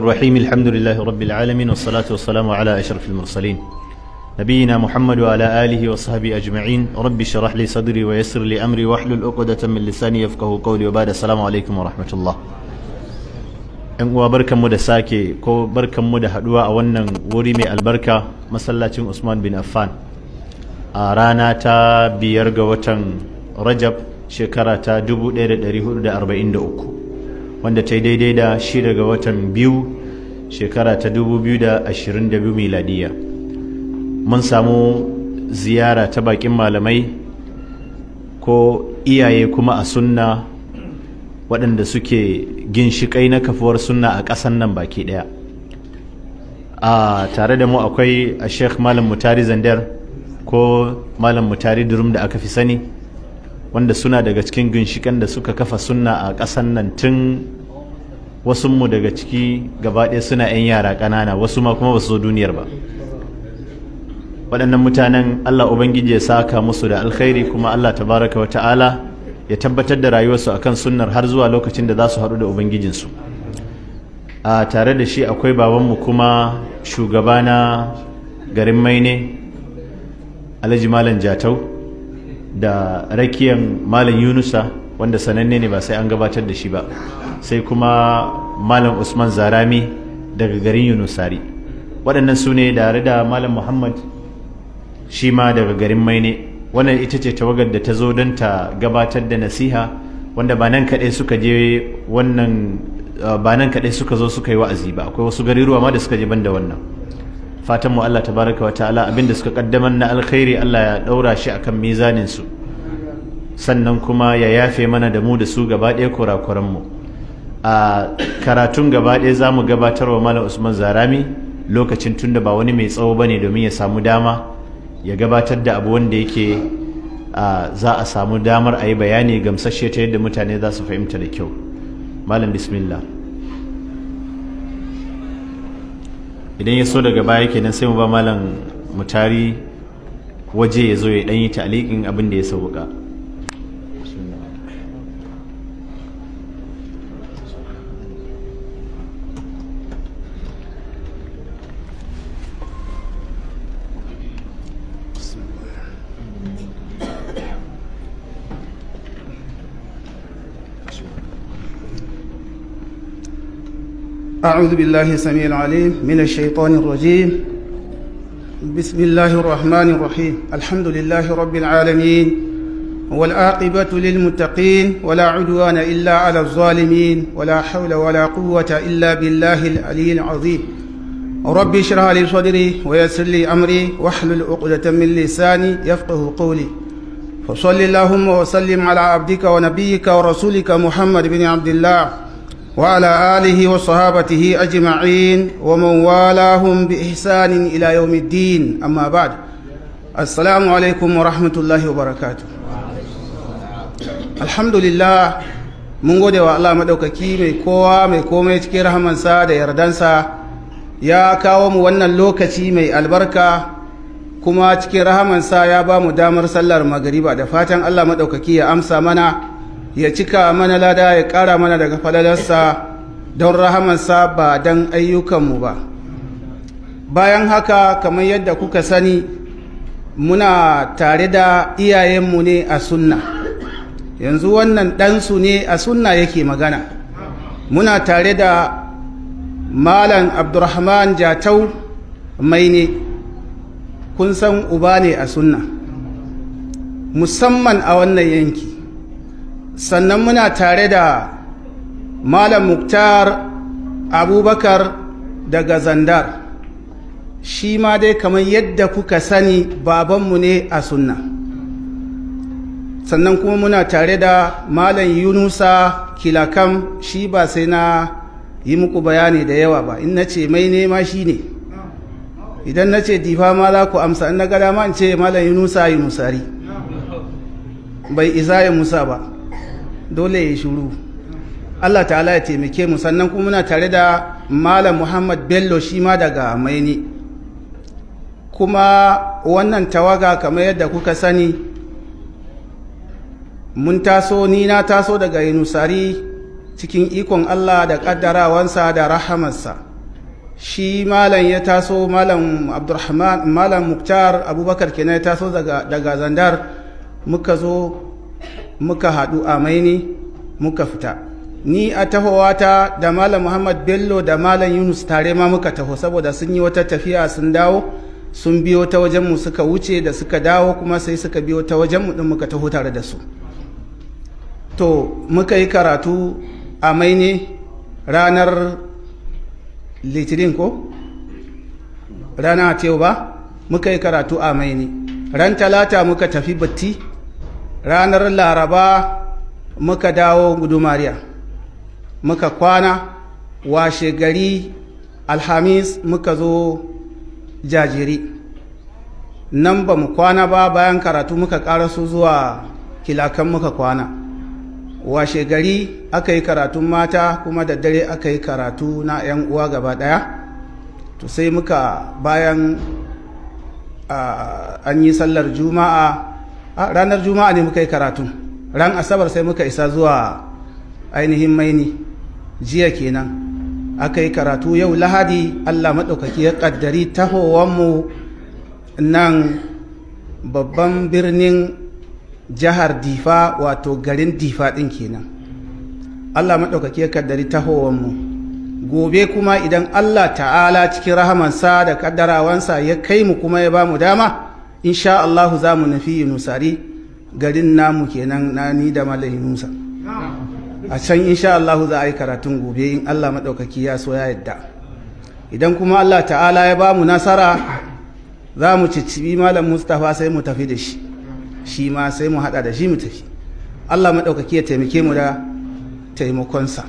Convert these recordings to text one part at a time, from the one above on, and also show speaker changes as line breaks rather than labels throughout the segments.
الرحيم الحمد لله رب العالمين والصلاة والسلام على أشرف المرسلين نبينا محمد وعلى آله وصحبه أجمعين رب شرح لي صدري ويسر لي أمري واحلل عقدة من لساني يفقه قولي وبعد السلام عليكم ورحمة الله ‘yan uwa barkan mu da sake ko barkan mu da haduwa a wannan wuri mai albarka masallacin Usman bin Affan a rana ta biyar ga watan Rajab shekara ta 1443 wanda ta yi daidai da shi daga watan biyu shekara ta 2022 miladiya mun samu ziyara ta bakin malamai ko iyaye kuma a sunna waɗanda suke ginshiƙai na kafuwar sunna a ƙasan nan baki ɗaya a tare da mu akwai a sheikh malam mutari zandar ko malam mutari durum da aka fi sani wanda suna daga cikin ginshikan da suka kafa sunna a ƙasan nan tun wasunmu daga ciki gaba ɗaya suna 'yan yara ƙanana wasu ma kuma ba zo duniyar ba waɗannan mutanen Allah Ubangiji ya saka musu da alkhairi kuma Allah tabaraka wa ta'ala ya tabbatar da rayuwarsu akan sunnar har zuwa lokacin da za su haɗu da Ubangijinsu a tare da shi akwai babanmu kuma Shugabana garin maine Alhaji Malam Jatau da rakiyan malam yunusa wanda sananne ne ba sai an gabatar da shi ba sai kuma malam usman zarami daga garin yunusari waɗannan su ne da da malam muhammad shi ma daga garin maine wannan ita ce tawagar da ta zo don ta gabatar da nasiha wanda ba nan kaɗai suka je wannan ba nan kaɗai suka zo suka yi wa'azi ba akwai wasu gariruwa ma da suka je ban da wannan fatan mu Allah tabaraka wa ta'ala abinda suka kaddamar na alkhairi Allah ya daura shi akan mizanin su sannan kuma ya yafe mana da mu da su gaba ɗaya kurakuran mu a karatun gaba ɗaya zamu gabatar wa Malam Usman Zarami lokacin tunda ba wani mai tsawo bane domin ya samu dama ya gabatar da abu wanda yake za a samu damar a yi bayani gamsashe ta yadda mutane za su fahimta da kyau malam bismillah idan ya so daga baya kenan sai mu ba malam mutari waje ya zo ya ɗanyi ta'aliƙin abin da ya sauka
أعوذ بالله السميع العليم من الشيطان الرجيم بسم الله الرحمن الرحيم الحمد لله رب العالمين والآقبة للمتقين ولا عدوان إلا على الظالمين ولا حول ولا قوة إلا بالله العلي العظيم رب اشرح لي صدري ويسر لي أمري واحلل عقدة من لساني يفقه قولي فصل اللهم وسلم على عبدك ونبيك ورسولك محمد بن عبد الله وعلى آله وصحابته أجمعين ومن والاهم بإحسان إلى يوم الدين أما بعد السلام عليكم ورحمة الله وبركاته الحمد لله mun gode wa Allah maɗaukaki mai kowa mai komai cikin rahamansa da yardansa ya kawo mu wannan lokaci mai albarka kuma cikin rahamansa ya ba mu damar sallar magariba da fatan Allah maɗaukaki ya amsa mana ya cika mana lada ya ƙara mana daga falalarsa don rahamarsa ba don ayyukanmu ba bayan haka kamar yadda kuka sani muna tare da iyayenmu ne a sunna yanzu wannan ɗansu ne a sunna yake magana muna tare da malam abdurrahman jatau mai ne kun san uba ne a sunna musamman a wannan yanki sannan muna tare da malam muktar abubakar daga zandar shi ma dai kamar yadda kuka sani babanmu ne a sunna sannan kuma muna tare da malam yunusa kilakam shi ba sai na yi muku bayani da yawa ba in na ce mai nema shi ne idan na ce difa ma za ku amsa in na gada ma in ce malam yunusa musari bai isa ya musa ba dole ya yi shuru Allah ta'ala ya taimake mu sannan kuma muna tare da Malam Muhammad Bello shi ma daga Maini kuma wannan tawaga kamar yadda kuka sani mun taso ni na taso daga yinusari cikin ikon Allah da kaddarawansa da rahamarsa shi malam ya taso malam abdurrahman malam Muktar Abubakar kenan ya taso daga Zandar muka zo muka haɗu a maini muka fita ni a tahowata da malam muhammad bello da malam yunus tare ma muka taho saboda sun yi wata tafiya sun dawo sun biyo ta wajenmu suka wuce da suka dawo kuma sai suka biyo ta wajenmu ɗin muka taho tare da su to muka yi karatu a maini ranar litinin ko rana ba muka yi karatu a maini ran talata muka tafi batti ranar laraba muka dawo gudumariya muka kwana washe gari alhamis muka zo jajiri nan ba mu kwana ba bayan karatu muka su zuwa kilakan muka kwana washe gari aka yi karatun mata kuma da dare aka yi karatu na 'yan uwa gaba daya to sai muka bayan ah, an yi sallar juma'a ranar juma'a ne muka yi karatu ran asabar sai muka isa zuwa ainihin maini jiya kenan aka yi karatu yau lahadi allah maɗaukaki ya ƙaddari tahowanmu nan babban birnin jihar difa wato garin difa ɗin kenan allah maɗaukaki ya ƙaddari tahowanmu gobe kuma idan Allah ta'ala cikin rahamansa da ƙaddarawansa ya kai mu kuma ya ba mu dama insha Allah za mu nufi yunusari garin namu kenan na ni da malayi nusa. a can insha Allah za a yi karatun gobe in Allah maɗaukaki ya so ya yadda idan kuma Allah ta'ala ya ba mu nasara za mu cicibi malam Mustapha sai mu tafi da shi shi ma sai mu haɗa da shi mu tafi Allah maɗaukaki ya taimake mu da taimakonsa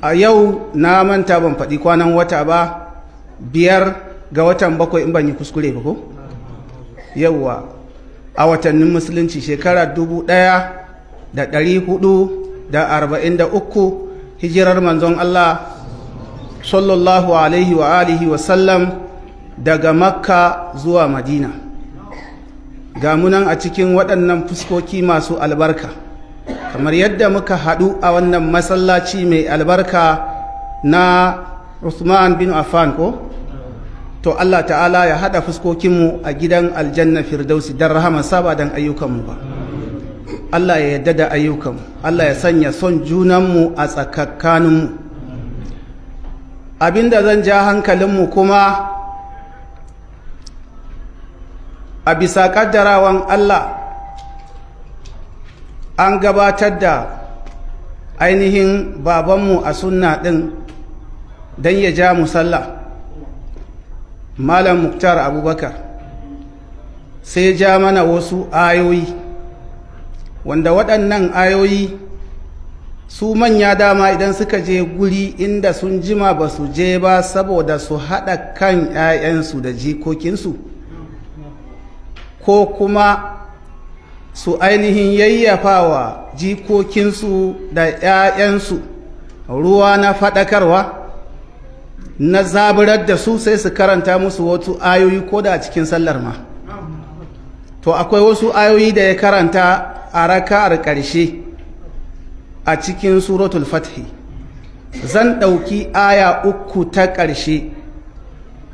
a yau na manta ban faɗi kwanan wata ba biyar ga watan bakwai in ban yi kuskure ba ko? yawwa a watannin musulunci shekara dubu ɗaya da ɗari hudu da arba'in da uku hijirar manzon Allah sallallahu alaihi wa alihi wasallam daga makka zuwa madina gamunan a cikin waɗannan fuskoki masu albarka kamar yadda muka haɗu a wannan masallaci mai albarka na Usman bin Affan ko? to Allah ta'ala ya haɗa fuskokinmu a gidan aljanna firdausi don rahama saba don ayyukanmu ba Allah ya yadda da ayyukanmu Allah ya sanya son junanmu a tsakakkaninmu abinda zan ja hankalinmu kuma a bisa ƙaddarawan Allah an gabatar da ainihin babanmu a sunna ɗin don ya ja mu sallah malam muktar abubakar sai ja mana wasu ayoyi wanda waɗannan ayoyi su manya dama idan suka je guri inda sun jima ba su je ba saboda su haɗa kan 'ya'yansu da jikokinsu ko kuma su ainihin yayyafawa jikokinsu da 'ya'yansu ruwa na faɗakarwa na zaburar da su sai su karanta musu wasu ayoyi ko da cikin sallar ma to akwai wasu ayoyi da ya karanta a raka'ar ƙarshe a cikin suratul fathi zan ɗauki aya uku ta ƙarshe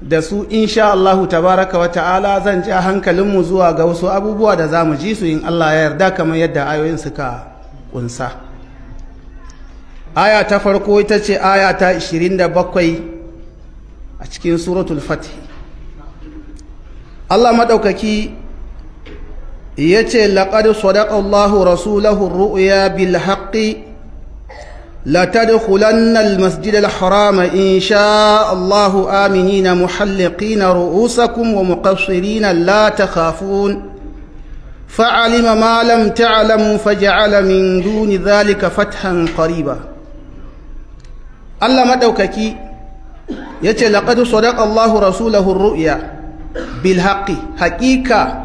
da su insha Allahu tabaraka wa ta'ala zan ja hankalinmu zuwa ga wasu abubuwa da za mu ji su yin Allah ya yarda kamar yadda ayoyin suka kunsa aya ta farko ita ce aya ta 27 a cikin suratul fatih Allah maɗaukaki ya ce laƙar sadaƙa Allahu rasulahu ru'ya bil haƙƙi la tadkhulanna al masjid al haram in sha Allahu aminina muhalliqin ru'usakum wa muqassirin la takhafun فعلم ما لم تعلموا فجعل من دون ذلك فتحا قريبا الله yace laqad sadaqa Allahu rasulahu ru'ya bil haqqi haqiqa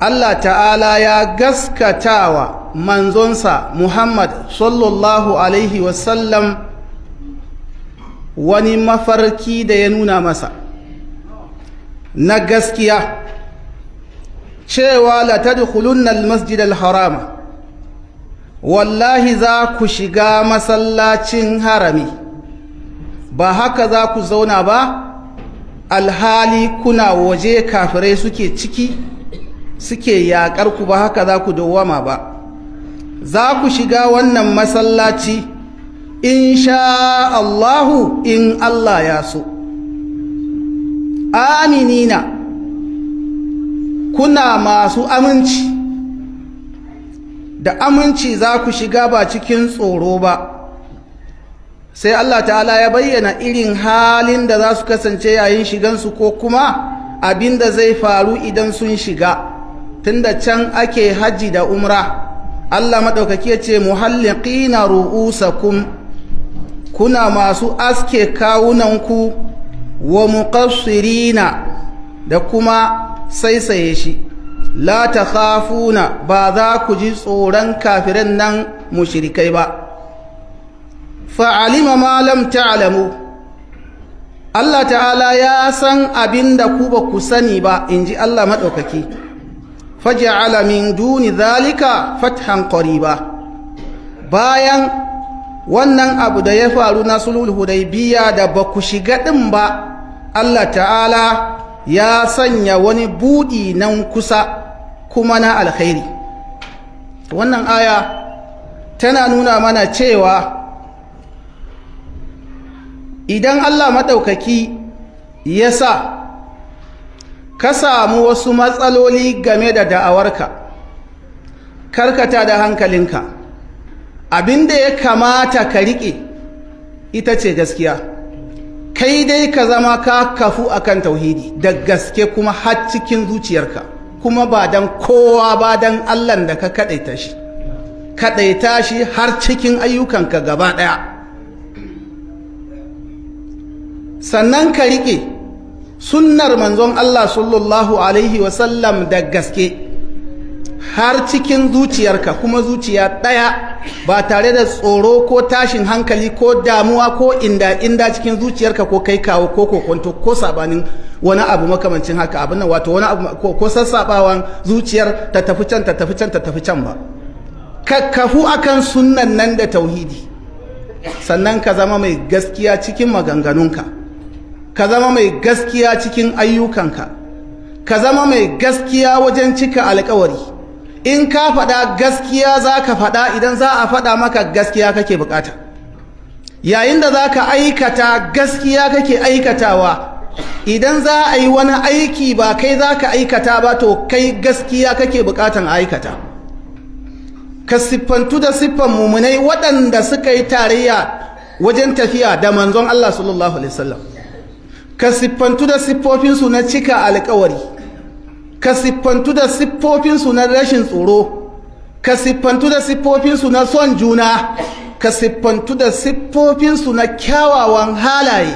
Allah ta'ala ya gaskatawa manzonsa Muhammad sallallahu alaihi wasallam wani mafarki da ya nuna masa na gaskiya cewa la tadkhulunna al-masjid al wallahi za ku shiga masallacin harami ba haka za ku zauna ba alhali kuna waje kafirai suke ciki suke yaƙar ku ba haka za ku dawama ba za ku shiga wannan masallaci insha Allahu in Allah ya so aminina kuna masu aminci da aminci za ku shiga ba cikin tsoro ba sai Allah ta'ala ya bayyana irin halin da za su kasance yayin shigansu ko kuma abin da zai faru idan sun shiga tunda can ake hajji da umra Allah maɗaukaki ya ce na ru'usakum kuna masu aske kawunanku wa muqassirina da kuma saisaye shi la ta ba za ku ji tsoron kafiran nan mushrikai ba fa'alima malam ta'alamu Allah ta'ala ya san abin da ku ba ku sani ba in ji Allah maɗaukaki faji alamin duni zalika fathan ba. bayan wannan abu da ya faru na hudai biya da ba ku shiga ɗin ba Allah ta'ala ya sanya wani buɗi nan kusa kuma na alkhairi wannan aya tana nuna mana cewa idan Allah maɗaukaki ya sa ka samu wasu matsaloli game da da'awarka karkata da hankalinka abinda ya kamata ka riƙe ita ce gaskiya kai dai ka zama ka kafu akan tauhidi da gaske kuma har cikin zuciyarka kuma ba don kowa ba don Allah da ka kaɗaita shi kaɗaita shi har cikin ayyukanka gaba ɗaya sannan ka riƙe sunnar manzon Allah sallallahu alaihi wasallam da gaske har cikin zuciyarka kuma zuciya ɗaya ba tare da tsoro ko tashin hankali ko damuwa ko inda inda cikin zuciyarka ko kai kawo ko kokonto ko sabanin wani abu makamancin haka abin nan wato wani abu ko sassabawan zuciyar ta tafi can ta tafi can ta tafi can ba kakkafu akan sunnan nan da tauhidi sannan ka zama mai gaskiya cikin maganganunka ka zama mai gaskiya cikin ayyukanka ka zama mai gaskiya wajen cika alkawari in ka faɗa gaskiya za ka faɗa idan za a faɗa maka gaskiya kake bukata yayin da za ka aikata gaskiya kake aikatawa idan za a yi wani aiki ba kai za ka aikata ba to kai gaskiya kake bukatan aikata ka siffantu da siffan mummunai waɗanda suka yi tarayya wajen tafiya da manzon Allah sallallahu alaihi wasallam ka siffantu da siffofinsu na cika alkawari ka siffantu da siffofinsu na rashin tsoro ka siffantu da siffofinsu na son juna ka siffantu da siffofinsu na kyawawan halaye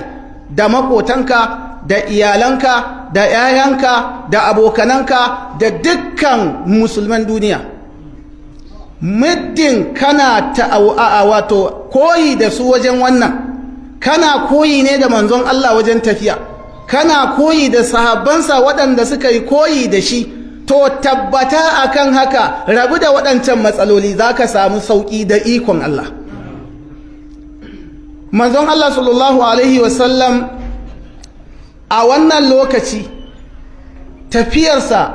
da makotanka da iyalanka da 'ya'yanka da abokananka da dukkan musulman duniya muddin kana ta wato koyi da su wajen wannan kana koyi ne da manzon Allah wajen tafiya kana koyi da sahabbansa waɗanda suka yi koyi da shi to tabbata kan haka rabu da waɗancan matsaloli za ka samu sauƙi da ikon Allah manzon Allah sallallahu alaihi wasallam a wannan lokaci tafiyarsa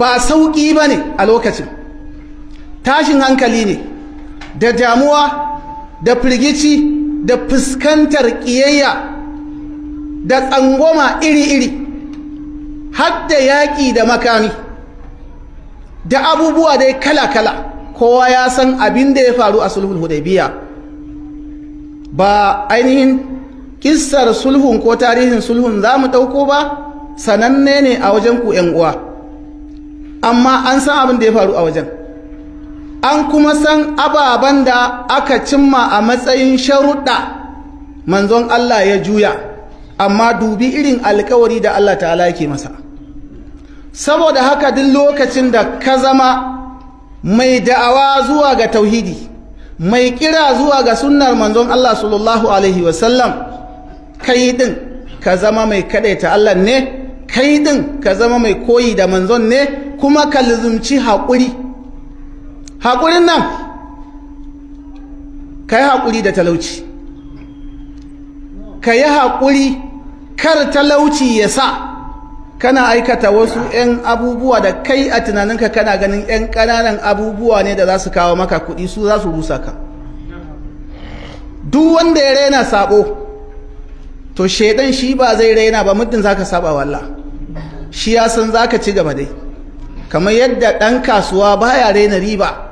ba sauƙi ba ne a lokacin tashin hankali ne da damuwa da firgici da fuskantar ƙiyayya da tsangwama iri-iri hadda yaƙi da makami da abubuwa dai kala-kala kowa ya san abin da ya faru a sulhun hudaibiya ba ainihin kissar sulhun ko tarihin sulhun za mu ɗauko ba sananne ne a wajen ku uwa amma an san abin da ya faru a wajen an kuma san ababen da aka cimma a matsayin sharuɗa manzon Allah ya juya amma dubi irin alkawari da Allah ta'ala yake masa saboda haka duk lokacin da ka zama mai da'awa zuwa ga tauhidi mai kira zuwa ga sunnar manzon Allah sallallahu alaihi wasallam kai din ka zama mai ta Allah ne kai din ka zama mai koyi da manzon ne kuma ka luzumci haƙuri haƙurin nan ka yi haƙuri da talauci ka yi haƙuri kar talauci ya sa kana aikata wasu 'yan abubuwa da kai a tunaninka kana ganin 'yan ƙananan abubuwa ne da za su kawo maka kuɗi su za su rusa ka duk wanda ya raina saɓo to shaidan shi ba zai raina ba muddin za ka saba walla shi ya san za ka ci gaba dai kamar yadda ɗan kasuwa baya raina riba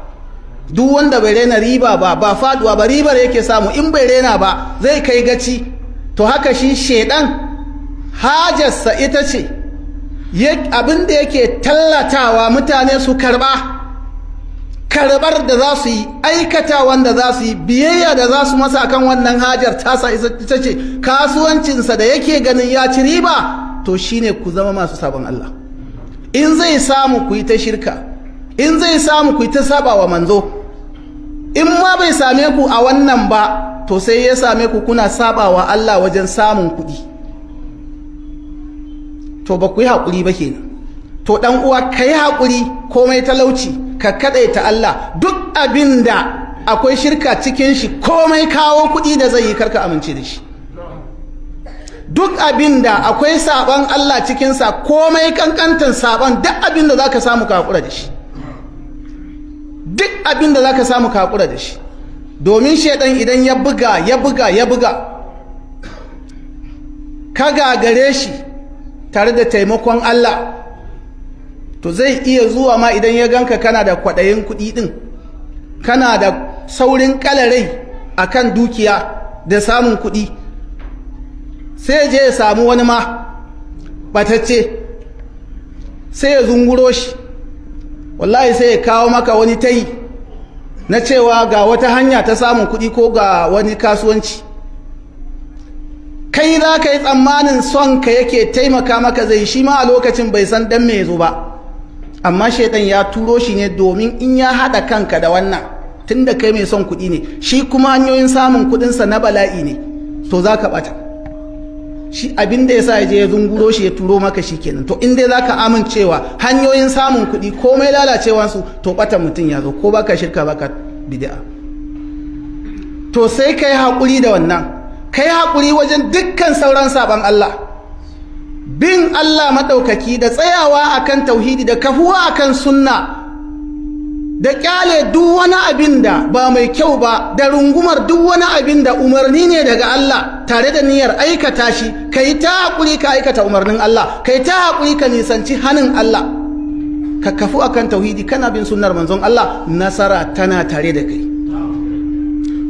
duk wanda bai rena riba ba ba faduwa ba ribar yake samu in bai rena ba zai kai gaci to haka shi shedan hajarsa ita ce abin da yake tallatawa mutane su karba karbar da za su yi aikata wanda za su yi biyayya da za su masa kan wannan hajar tasa ita ce kasuwancinsa da yake ganin ya ci riba to shine ku zama masu sabon Allah in zai samu ku yi ta shirka in zai samu ku yi ta saba wa manzo in ma bai same ku a wannan ba to sai ya same ku kuna sabawa Allah wajen samun kuɗi to ba ku yi haƙuri ba kenan to ɗan uwa ka yi haƙuri komai talauci ka kaɗaita Allah duk abin da akwai shirka cikin shi komai kawo kuɗi da zai yi karka amince da shi duk abin da akwai saban Allah cikinsa komai kankantan saban duk abin da za ka samu ka haƙura da shi duk abin da ka samu kakura da shi domin shaidan idan ya buga ya buga ya buga ka gagare shi tare da taimakon Allah to zai iya zuwa ma idan ya ganka kana da kwaɗayin kuɗi ɗin kana da saurin ƙalarai a kan dukiya da samun kuɗi sai je ya samu wani ma ɓatacce sai ya zunguro shi wallahi sai ya kawo maka wani tai na cewa ga wata hanya ta samun kuɗi ko ga wani kasuwanci kai za ka yi tsammanin son ka yake taimaka maka zai shi ma a lokacin bai san dan mai zo ba amma shaidan ya turo shi ne domin in ya haɗa kanka da wannan tunda kai mai son kuɗi ne shi kuma hanyoyin samun kuɗinsa na bala'i ne to za ka ɓata shi abin da yasa ya je ya zunguro shi ya turo maka shi kenan to in dai zaka amincewa hanyoyin samun kuɗi komai su to bata mutum ya zo ko baka shirka baka bid'a to sai kai hakuri da wannan kai hakuri wajen dukkan sauran saban Allah bin Allah maɗaukaki da tsayawa akan tauhidi da kafuwa akan sunna da kyale duk wani abin da ba mai kyau ba da rungumar duk wani abin da umarni ne daga Allah tare da niyyar aikata shi yi ta hakuri ka aikata umarnin Allah kai ta hakuri ka nisanci hanin Allah ka kafu akan tauhidi kana bin sunnar manzon Allah nasara tana tare da kai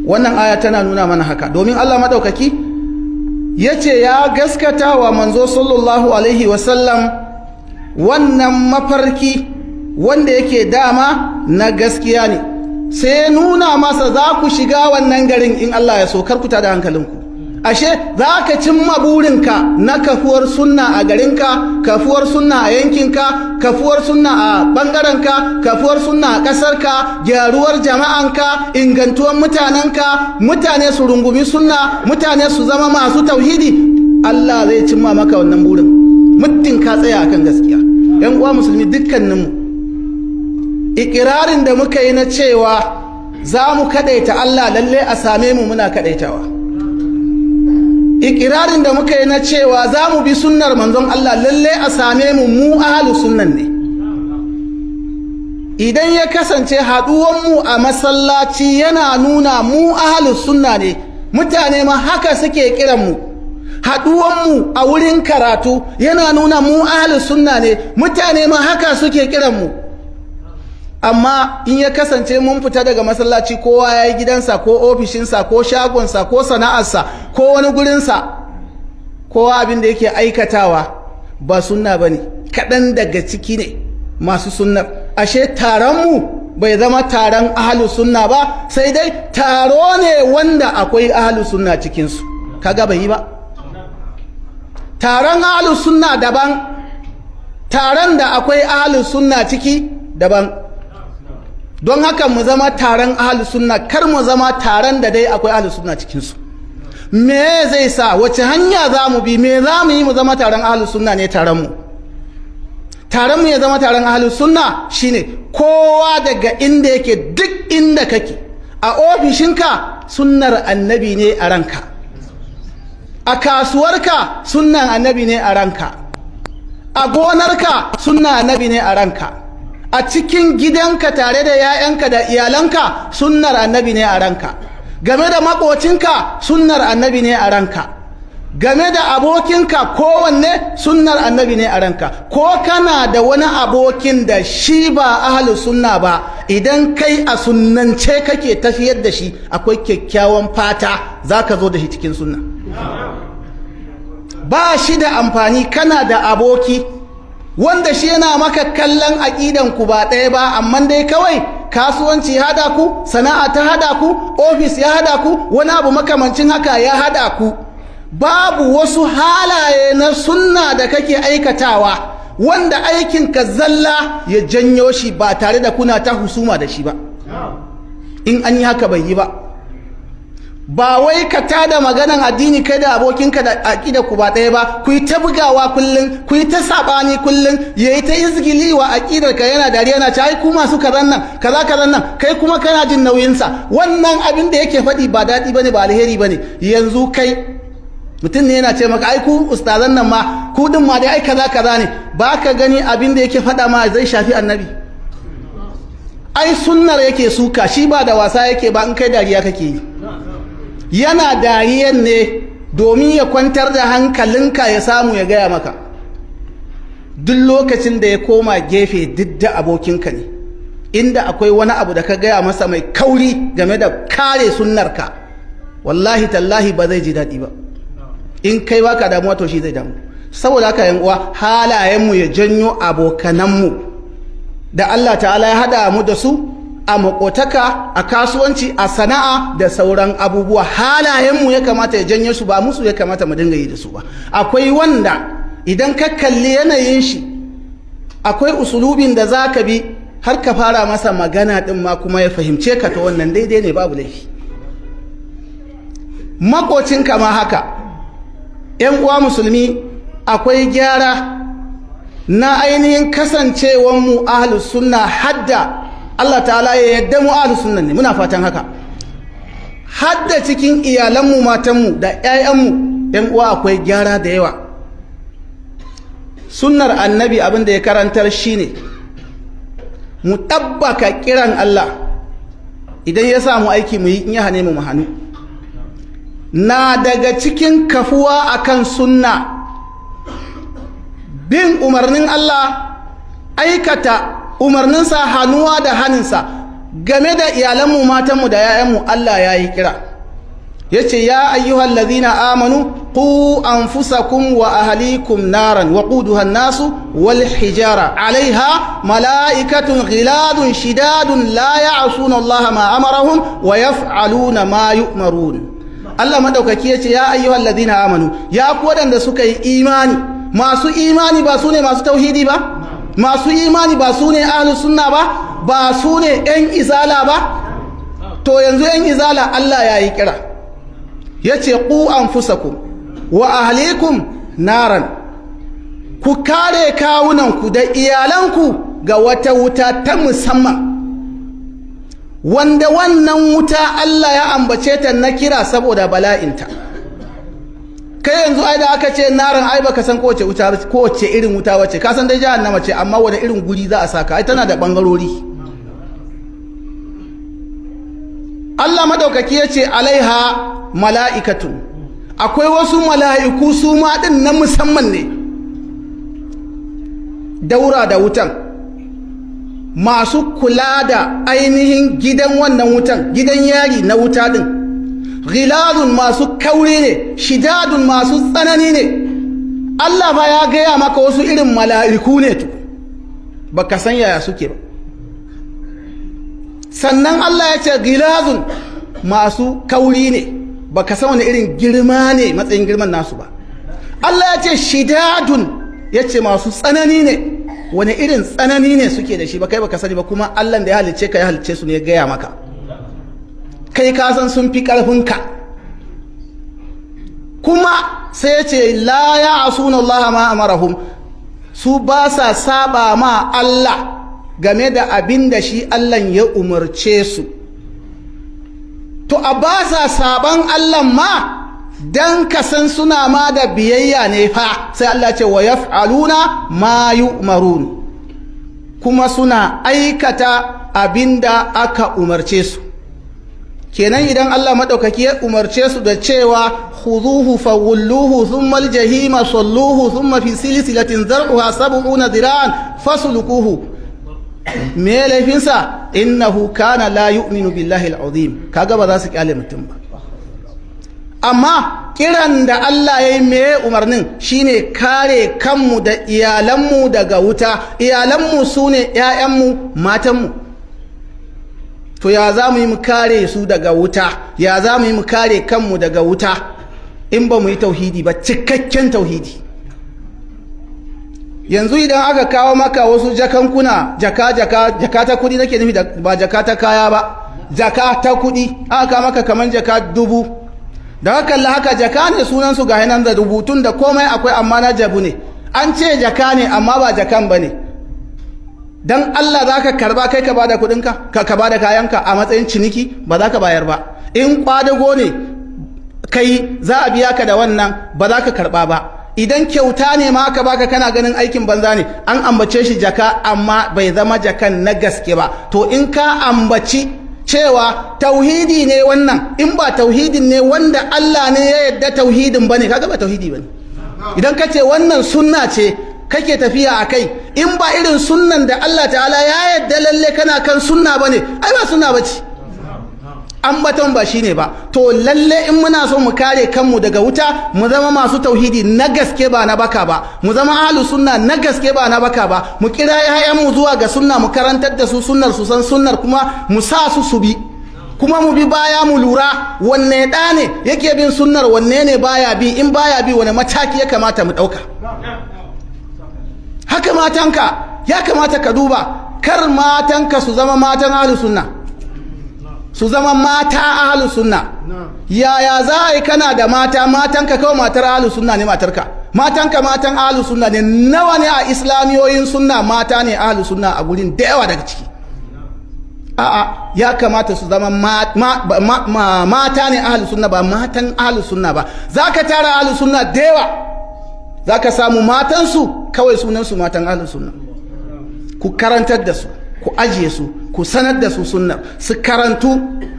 wannan aya tana nuna mana haka domin Allah madaukaki ce ya gaskata wa manzo sallallahu alaihi wasallam wannan mafarki wanda yake dama na gaskiya ne sai nuna masa za ku shiga wannan garin in Allah ya so karkuta ku hankalinku ashe za ka cimma burinka na kafuwar sunna a garinka kafuwar sunna a yankinka kafuwar sunna a ɓangarenka kafuwar sunna a ƙasarka gyaruwar jama'anka ingantuwar mutanenka mutane su rungumi sunna mutane su zama masu tauhidi Allah zai cimma maka wannan burin muddin ka tsaya akan gaskiya yan uwa musulmi dukkaninmu ikirarin da muka yi na cewa za mu kaɗaita Allah lalle a same mu muna kaɗaitawa ikirarin da muka yi na cewa za mu bi sunnar manzon Allah lalle a same mu mu ahalu sunnan ne idan ya kasance mu a masallaci yana nuna mu ahalu sunna ne mutane ma haka suke kiranmu mu a wurin karatu yana nuna mu ahalu sunna ne mutane ma haka suke kiran mu amma in ya kasance mun fita daga masallaci kowa ya yi gidansa ko ofishinsa ko shagonsa ko sana'arsa ko wani gurinsa kowa abin da yake aikatawa ba sunna ba ne kaɗan daga ciki ne masu sunnar ashe taronmu bai zama taron ahalu sunna ba sai dai taro ne wanda akwai ahalu sunna cikinsu kaga bai yi ba taron ahalu sunna daban taron da akwai ahalu sunna ciki daban don haka mu zama taron ahal sunna kar mu zama taron da dai akwai ahal sunna cikinsu. me zai sa wace hanya za mu bi me za mu yi mu zama taron ahal sunna ne taron mu taron mu ya zama taron ahlus sunna shine kowa daga inda yake duk inda kake a ofishinka sunnar annabi ne a ranka a kasuwarka sunnan annabi ne a ranka a gonarka sunnan annabi ne a ranka a cikin gidanka tare da 'ya'yanka da iyalanka sunnar annabi ne a ranka game da makocinka sunnar annabi ne a ranka game da abokinka kowanne sunnar annabi ne a ranka ko kana da wani abokin da shi ba ahli sunna ba idan kai a sunnance kake tafiyar da shi akwai kyakkyawan fata za ka zo da shi cikin sunna ba shi da amfani kana da aboki wanda shi yana maka kallon aƙidan ku ba ɗaya ba amma dai kawai kasuwanci ya hada ku sana'a ta haɗa ku ofis ya haɗa ku wani abu makamancin haka ya haɗa ku babu wasu halaye na sunna da kake aikatawa wanda aikin ka zalla ya janyo shi ba tare da kuna ta husuma da shi ba in an yi haka bai yi ba ba wai ka tada maganan addini kai da abokinka da aƙida ku ba ɗaya ba ku yi ta bugawa kullum ku yi ta saɓani kullum ya yi ta izgili wa aƙidar ka yana dariya yana ce ai ku masu kazan nan kaza kazan nan kai kuma kana jin nauyinsa wannan abin da yake faɗi ba daɗi bane ba alheri bane yanzu kai mutum ne yana ce maka ai ku ustazan nan ma ku din ma dai ai kaza kaza ne ba ka gani abin da yake faɗa ma zai shafi annabi ai sunnar yake suka shi ba da wasa yake ba in kai dariya kake yi yana dariyan ne domin ya kwantar da hankalinka ya samu ya gaya maka duk lokacin da ya koma gefe duk da abokinka ne inda akwai wani abu da ka gaya masa mai kauri game da kare sunnarka wallahi tallahi ba zai ji daɗi ba in kai baka damuwa to shi zai damu saboda haka yan uwa halayenmu ya janyo abokananmu da Allah ta'ala ya haɗa mu da su a makotaka a kasuwanci a sana'a da sauran abubuwa halayenmu ya kamata ya janye su ba musu ya kamata mu dinga yi da su ba akwai wanda idan ka kalli yanayin shi akwai usulubin da za ka bi har ka fara masa magana ɗin ma kuma ya fahimce ka ta wannan daidai ne babu laifi makocinka ma haka ‘yan uwa musulmi akwai gyara na ainihin kasancewanmu ahlus sunna hadda Allah ta'ala ya yadda mu ahlus sunna ne muna fatan haka hadda cikin iyalanmu matanmu da 'ya'yanmu yan uwa akwai gyara da yawa sunnar annabi abin da ya karantar shine mu tabbaka kiran Allah idan ya samu aiki mu yi in ya hane mu hannu na daga cikin kafuwa akan sunna bin umarnin Allah aikata umarninsa hannuwa da haninsa game da iyalanmu matanmu da 'ya'yanmu Allah ya yi kira ya ce ya ayyuhal ladina amanu ku kun wa ahalikum naran wa quduha nasu wal hijara alaiha mala'ikatun ghiladun shidadun la ya'suna Allah ma amarahum wa yaf'aluna ma Allah maɗaukaki ya ce ya ayyuhal ladina amanu ya ku suka yi imani masu imani ba su ne masu tauhidi ba masu imani ba su ne sunna ba ba su ne yan izala ba to yanzu yan izala Allah ya yi kira yace ku an fusaku wa ahalikun naran ku kare kawunanku da iyalanku ga wata wuta ta musamman wanda wannan wuta Allah ya ambace ta na kira saboda bala'inta kai yanzu ai da aka ce narin ai baka san kowace wuta kowace irin wuta wace ka san dai jahannama ce amma wani irin guri za a saka ai tana da bangarori Allah madaukaki ya ce alaiha mala'ikatu akwai wasu mala'iku su ma din na musamman ne daura da wutan masu kula da ainihin gidan wannan wutan gidan yari na wuta din ghiladun masu kauri ne shidadun masu tsanani ne Allah ba ya gaya maka wasu irin mala'iku ne to ka san yaya suke ba sannan Allah ya ce gilazun masu kauri ne ba ka san wani irin girma ne matsayin girman nasu ba Allah ya ce shidadun ya ce masu tsanani ne wani irin tsanani ne suke da shi ba kai ba ka sani ba kuma Allah da ya halicce ka ya halicce su ne ya gaya maka kai ka san sun fi ƙarfinka kuma sai ya ce la ya asuna Allah ma amarahum su ba sa saba ma Allah game da abin da shi Allah ya umarce su to a ba sa saban Allah ma dan ka san suna ma da biyayya ne fa sai Allah ce wa yaf'aluna ma yu'marun kuma suna aikata abinda aka umarce su kenan idan Allah maɗaukaki ya umarce su da cewa khuzuhu fawulluhu thumma aljahima salluhu thumma fi silsilatin zar'uha sab'una dhira'an fasluquhu me laifinsa innahu kana la yu'minu billahi al'azim kaga ba za su kyale mutum ba amma kiran da Allah ya yi meye umarnin shine kare kanmu da iyalanmu daga wuta iyalanmu su ne 'ya'yanmu matanmu to ya za mu yi mu kare su daga wuta ya za mu yi mu kare kanmu daga wuta in ba mu yi tauhidi ba cikakken tauhidi yanzu idan aka kawo maka wasu jakankuna jaka jaka jaka ta kudi nake nufi ba jaka ta kaya ba jaka ta kudi aka kawo maka kamar jaka dubu da haka kalla haka jaka ne sunan su ga nan da rubutun da komai akwai amma na jabu ne an ce jaka ne amma ba jakan ba ne dan Allah za ka karba kai ka bada kudinka ka ka bada kayanka a matsayin ciniki ba za ka bayar ba in kwadago ne kai za a biya ka da wannan ba za ka karba ba idan kyauta ne ma aka baka kana ganin aikin banza ne an ambace shi jaka amma bai zama jakan na gaske ba to in ka ambaci cewa tauhidi ne wannan in ba tauhidin ne wanda Allah ne ya yarda tauhidin bane kaga ba tauhidi bane idan ka ce wannan sunna ce kake tafiya a kai in ba irin sunnan da Allah ta'ala ya yadda lalle kana kan sunna ba ne ai ba sunna ba ce ambaton ba ne ba to lalle in muna so mu kare kanmu daga wuta mu zama masu tauhidi na gaske ba na baka ba mu zama ahlu sunna na gaske ba na baka ba mu kira yayanmu zuwa ga sunna mu karantar da su sunnar su san sunnar kuma mu sa su su bi kuma mu bi baya mu lura wanne ɗa ne yake bin sunnar wanne ne baya bi in baya bi wani mataki ya kamata mu ɗauka haka matanka ya kamata ka duba kar matanka su zama matan ahlus sunna su zama mata ahlus sunna yaya za a yi kana da mata matanka kawai matar ahlus sunna ne matarka matanka matan ahlus sunna ne nawa ne a islamiyoyin sunna mata ne ahlus sunna a gurin da yawa daga ciki a'a ya kamata su zama mata ne ahlus sunna ba matan ahlus sunna ba ka tara ahlus sunna da yawa za ka samu matansu kawai sunansu matan ahlus sunna ku karantar da su ku ajiye su ku sanar da su sunnar su karantu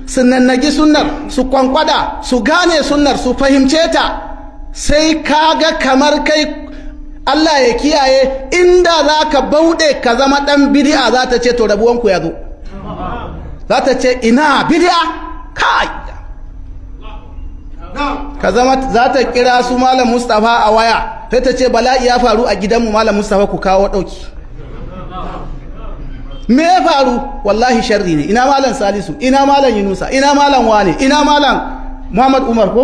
su nannagi sunnar su kwankwada su gane sunnar su fahimce ta sai ka ga kamar kai Allah ya kiyaye inda za ka bauɗe ka zama ɗan bid'a za ta ce to rabuwanku ya zo za ta ce ina bid'a kai ka zama za ta kira su malam mustapha a waya sai ta ce bala'i ya faru a gidanmu malam mustapha ku kawo ɗauki me ya faru wallahi sharri ne ina malam salisu ina malam yunusa ina malam wane ina malam muhammad umar ko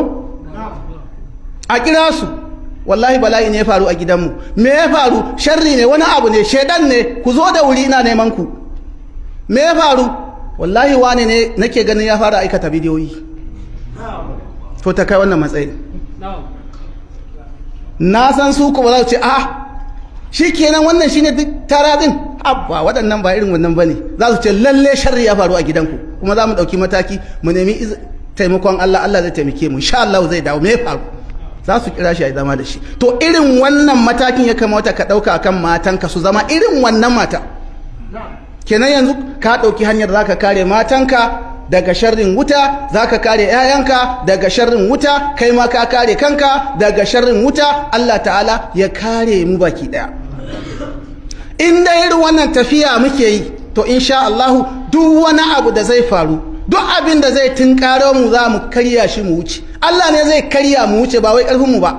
a kira su wallahi bala'i ne ya faru a gidanmu me ya faru sharri ne wani abu ne shaidan ne ku zo da wuri ina neman ku me ya faru wallahi wane ne nake ganin ya fara aikata bidiyoyi to ta kai wannan matsayin na san su kuma za su ce a shi kenan wannan shine tara din abba waɗannan ba irin wannan bane za su ce lalle sharri ya faru a gidanku kuma za mu ɗauki mataki mu nemi taimakon Allah Allah zai taimake mu insha Allah zai dawo me faru za su kira shi a zama da shi to irin wannan matakin ya kamata ka ɗauka akan matanka su zama irin wannan mata kenan yanzu ka ɗauki hanyar za ka kare matanka daga sharrin wuta za ka kare 'ya'yanka daga sharrin wuta kai ma ka kare kanka daga sharrin wuta Allah ta'ala ya kare mu baki ɗaya. in da irin wannan tafiya muke yi to insha Allah duk wani abu da zai faru duk abin da zai tunkaro mu za mu karya shi mu wuce Allah ne zai karya mu wuce ba wai karfin mu ba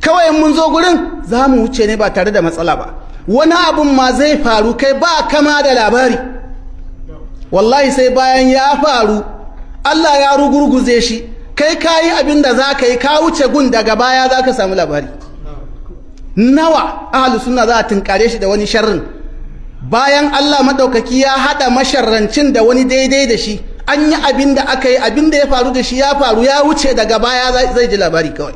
kawai mun zo gurin za mu wuce ne ba tare da matsala ba wani abun ma zai faru kai ba kama da labari wallahi sai bayan ya faru Allah ya rugurguze shi kai ka yi abin da za ka yi ka wuce gun daga baya za ka samu labari nawa ahalu suna za a tunkare shi da wani sharrin bayan Allah maɗaukaki ya haɗa masharrancin da wani daidai da shi an yi abin da aka yi abin da ya faru da shi ya faru ya wuce daga baya zai ji labari kawai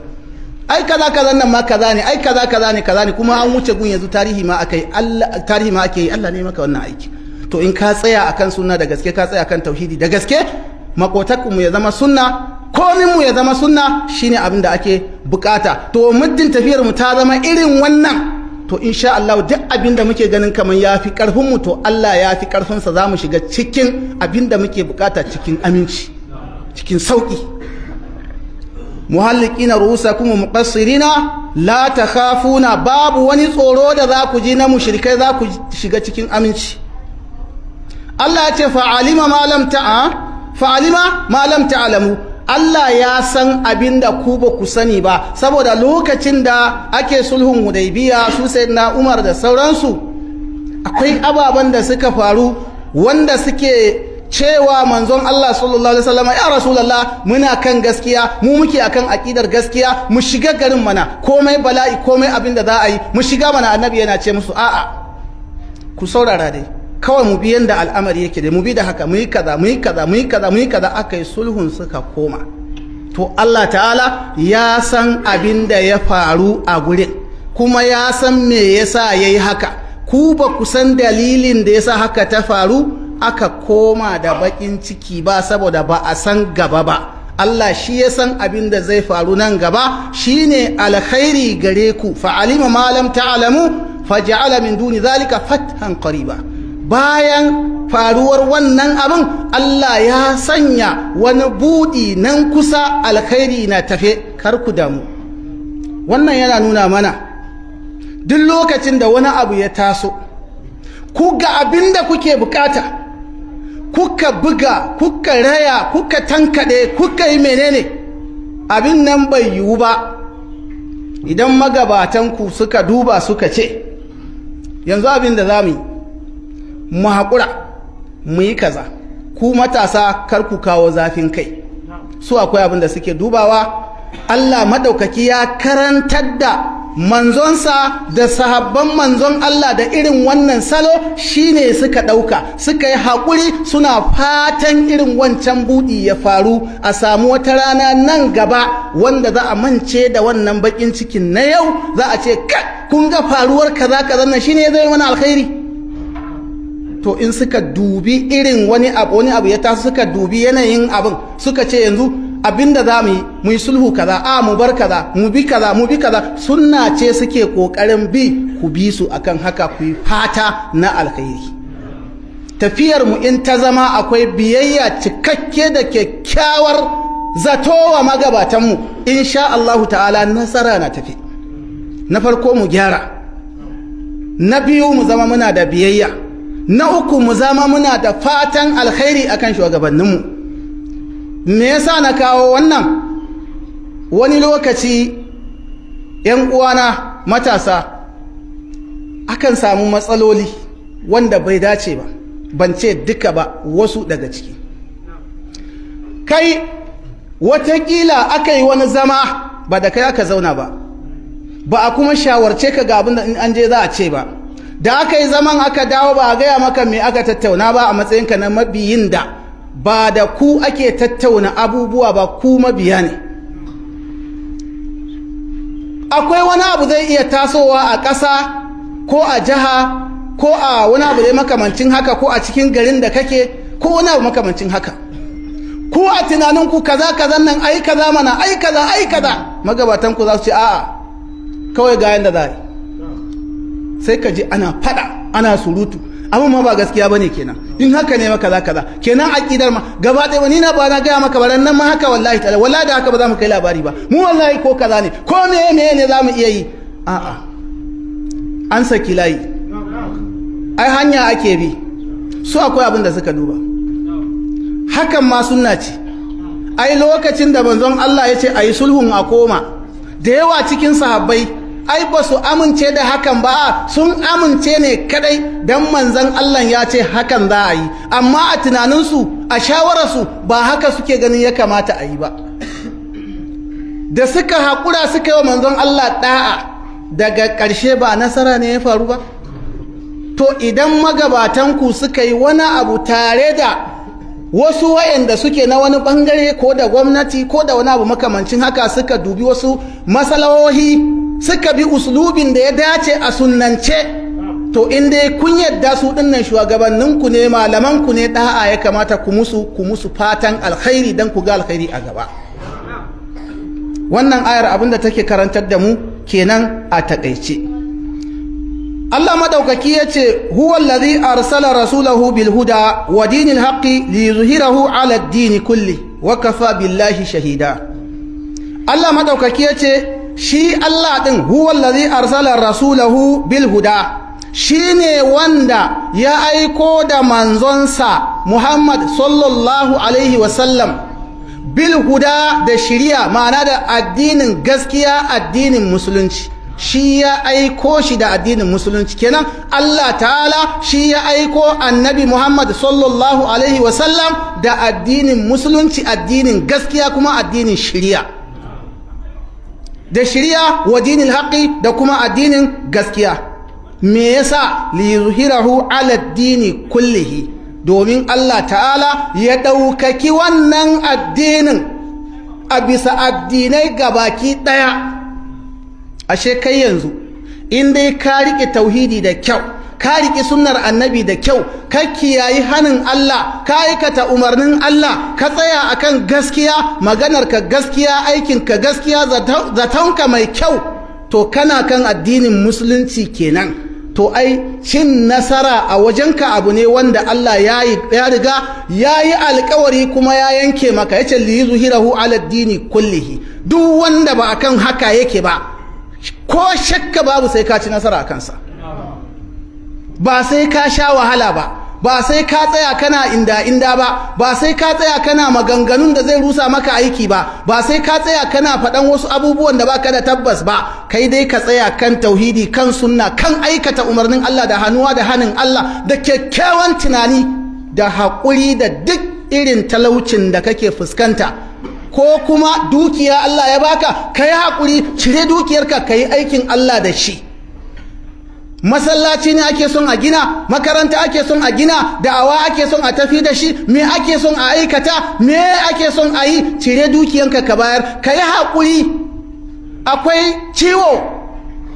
ai kaza kaza nan ma kaza ne ai kaza kaza ne kaza ne kuma an wuce gun yanzu tarihi ma aka yi Allah tarihi ma aka yi Allah ne maka wannan aiki to in ka tsaya akan suna da gaske ka tsaya akan tauhidi da gaske makotakku mu ya zama sunna komin mu ya zama sunna shine abin da ake bukata to muddin tafiyar mu ta zama irin wannan to insha Allah duk abin da muke ganin kaman yafi fi karfin mu to Allah yafi fi karfin sa zamu shiga cikin abin da muke bukata cikin aminci cikin sauki muhalliqina ru'usakum muqassirina la takhafuna babu wani tsoro da za ku ji na mushrikai za ku shiga cikin aminci Allah ya ce fa'alima ma lam ta'a fa'alima ma Allah ya san abin da ku ba ku sani ba saboda lokacin da ake sulhun hudaibiya su na Umar da sauransu akwai ababen da suka faru wanda suke cewa manzon Allah sallallahu alaihi wasallam ya rasulullah muna kan gaskiya mu muke akan aƙidar gaskiya mu shiga garin mana komai bala'i komai abin da za a yi mu shiga mana annabi yana ce musu a'a ku saurara dai kawai mu bi yanda al'amari yake da mu bi da haka mu yi kaza mu yi kaza mu yi kaza mu yi kaza aka yi sulhun suka koma to Allah ta'ala ya san abin da ya faru a gurin kuma ya san me yasa yayi haka ku ba ku san dalilin da yasa haka ta faru aka koma da bakin ciki ba saboda ba a san gaba ba Allah shi ya san abin da zai faru nan gaba shine alkhairi gare ku fa'alima ma lam ta'lamu faj'ala min duni zalika fathan qariba bayan faruwar wannan abin Allah ya sanya wani buɗi nan kusa alkhairi na tafe kar ku damu wannan yana nuna mana duk lokacin da wani abu ya taso ku ga abin da kuke bukata kuka buga kuka raya kuka tankaɗe kuka yi menene abin nan bai yiwu ba idan magabatanku suka duba suka ce yanzu abin da za mu yi mu haƙura mu yi kaza ku matasa kar ku kawo zafin kai su akwai abin da suke dubawa Allah maɗaukaki ya karantar da manzonsa da sahabban manzon Allah da irin wannan salo shine suka ɗauka suka yi haƙuri suna fatan irin wancan buɗi ya faru a samu wata rana nan gaba wanda za a mance da wannan baƙin cikin na yau za a ce kun ga faruwar kaza kaza nan shine ne zai mana alkhairi to in suka dubi irin wani abu wani abu ya taso suka dubi yanayin abin suka ce yanzu abinda za mu yi mu yi sulhu kaza a mu bar kaza mu bi kaza mu bi kaza sunna ce suke kokarin bi ku bi su akan haka ku yi fata na alkhairi tafiyar mu in ta zama akwai biyayya cikakke da kyakkyawar zato wa magabatan mu insha Allah ta'ala nasara na tafi na farko mu gyara na biyu mu zama muna da biyayya na uku mu zama muna da fatan alkhairi akan shugabanninmu me yasa na kawo wannan wani lokaci yan uwana matasa akan samu matsaloli wanda bai dace ba ban ce duka ba wasu daga ciki kai watakila aka yi wani zama ba da kai aka zauna ba ba a kuma shawarce ka ga abin da in an je za a ce ba da aka yi zaman aka dawo ba a gaya maka me aka tattauna ba a matsayinka na mabiyin da ba da ku ake tattauna abubuwa ba ku mabiya ne akwai wani abu zai iya tasowa a ƙasa ko a jiha ko a wani abu dai makamancin haka ko a cikin garin da kake ko wani abu makamancin haka ko a tunaninku kaza kaza nan ai kaza mana ai kaza ai kaza magabatan ku za su ce a'a kawai ga yanda za yi sai ka ji ana fada ana surutu abin ma ba gaskiya bane kenan in haka ne maka za kaza kenan aqidar ma gaba ɗaya wani na ba na gaya maka baran nan ma haka wallahi ta'ala wallahi da haka ba za mu kai labari ba mu wallahi ko kaza ne ko me me ne za mu iya yi a'a an saki layi ai hanya ake bi su akwai abin da suka duba hakan ma sunna ce ai lokacin da manzon Allah ya ce ayi sulhun a koma da yawa cikin sahabbai ai ba su amince da hakan ba sun amince ne kadai don manzon Allah ya ce hakan za a yi amma a tunaninsu a shawararsu ba haka suke ganin ya kamata a yi ba da suka haƙura suka yi wa manzon Allah ɗa'a daga ƙarshe ba nasara ne ya faru ba to idan magabatanku suka yi wani abu tare da wasu wayanda suke na wani bangare ko da gwamnati ko da wani abu makamancin haka suka dubi wasu masalawohi suka bi uslubin da ya dace a sunnance to in dai kun yadda su dinnan shugabanninku ne malamanku ne da'a ya kamata ku musu ku musu fatan alkhairi dan ku ga alkhairi a gaba wannan ayar abinda take karantar da mu kenan a takaice Allah madaukaki yace huwa allazi arsala rasulahu bil huda wa dinil haqqi liyuzhirahu ala ad-din kulli wa kafa billahi shahida Allah madaukaki yace shi Allah ɗin huwallazi arsalar arsala rasulahu bil huda ne wanda ya aiko da manzonsa Muhammad sallallahu alaihi wasallam bil huda da shiriya ma'ana da addinin gaskiya addinin musulunci shi ya aiko shi da addinin musulunci kenan Allah ta'ala shi ya aiko annabi Muhammad sallallahu alaihi wasallam da addinin musulunci addinin gaskiya kuma addinin shiriya da shirya wa dinil haƙi da kuma addinin gaskiya me yasa liyuzhirahu ala dini kullihi domin Allah ta'ala ya ɗaukaki wannan addinin a bisa addinai gabaki ɗaya ashe kai yanzu in dai ka riƙe tauhidi da kyau ka riƙi sunnar annabi da kyau ka kiyayi hanin Allah ka aikata umarnin Allah ka tsaya akan gaskiya maganar ka gaskiya aikin ka gaskiya zatonka mai kyau to kana kan addinin musulunci kenan to ai cin nasara a wajenka abu ne wanda Allah ya riga ya yi alkawari kuma ya yanke maka yace li zuhirahu ala dini kullihi duk wanda ba akan haka yake ba ko shakka babu sai ka ci nasara a kansa ba sai ka sha wahala ba ba sai ka tsaya kana inda inda ba ba sai ka tsaya kana maganganun da zai rusa maka aiki ba ba sai ka tsaya kana faɗan wasu abubuwan da ba ka da tabbas ba kai dai ka tsaya kan tauhidi kan sunna kan aikata umarnin Allah da hannuwa da hannun Allah da kyakkyawan tunani da haƙuri da duk irin talaucin da kake fuskanta ko kuma dukiya Allah ya baka kai haƙuri cire dukiyarka kayi aikin Allah da shi masallaci ne ake son a gina makaranta ake son a gina da'awa ake son a tafi da shi me ake son a aikata me ake son a yi cire dukiyanka ka bayar ka yi haƙuri akwai ciwo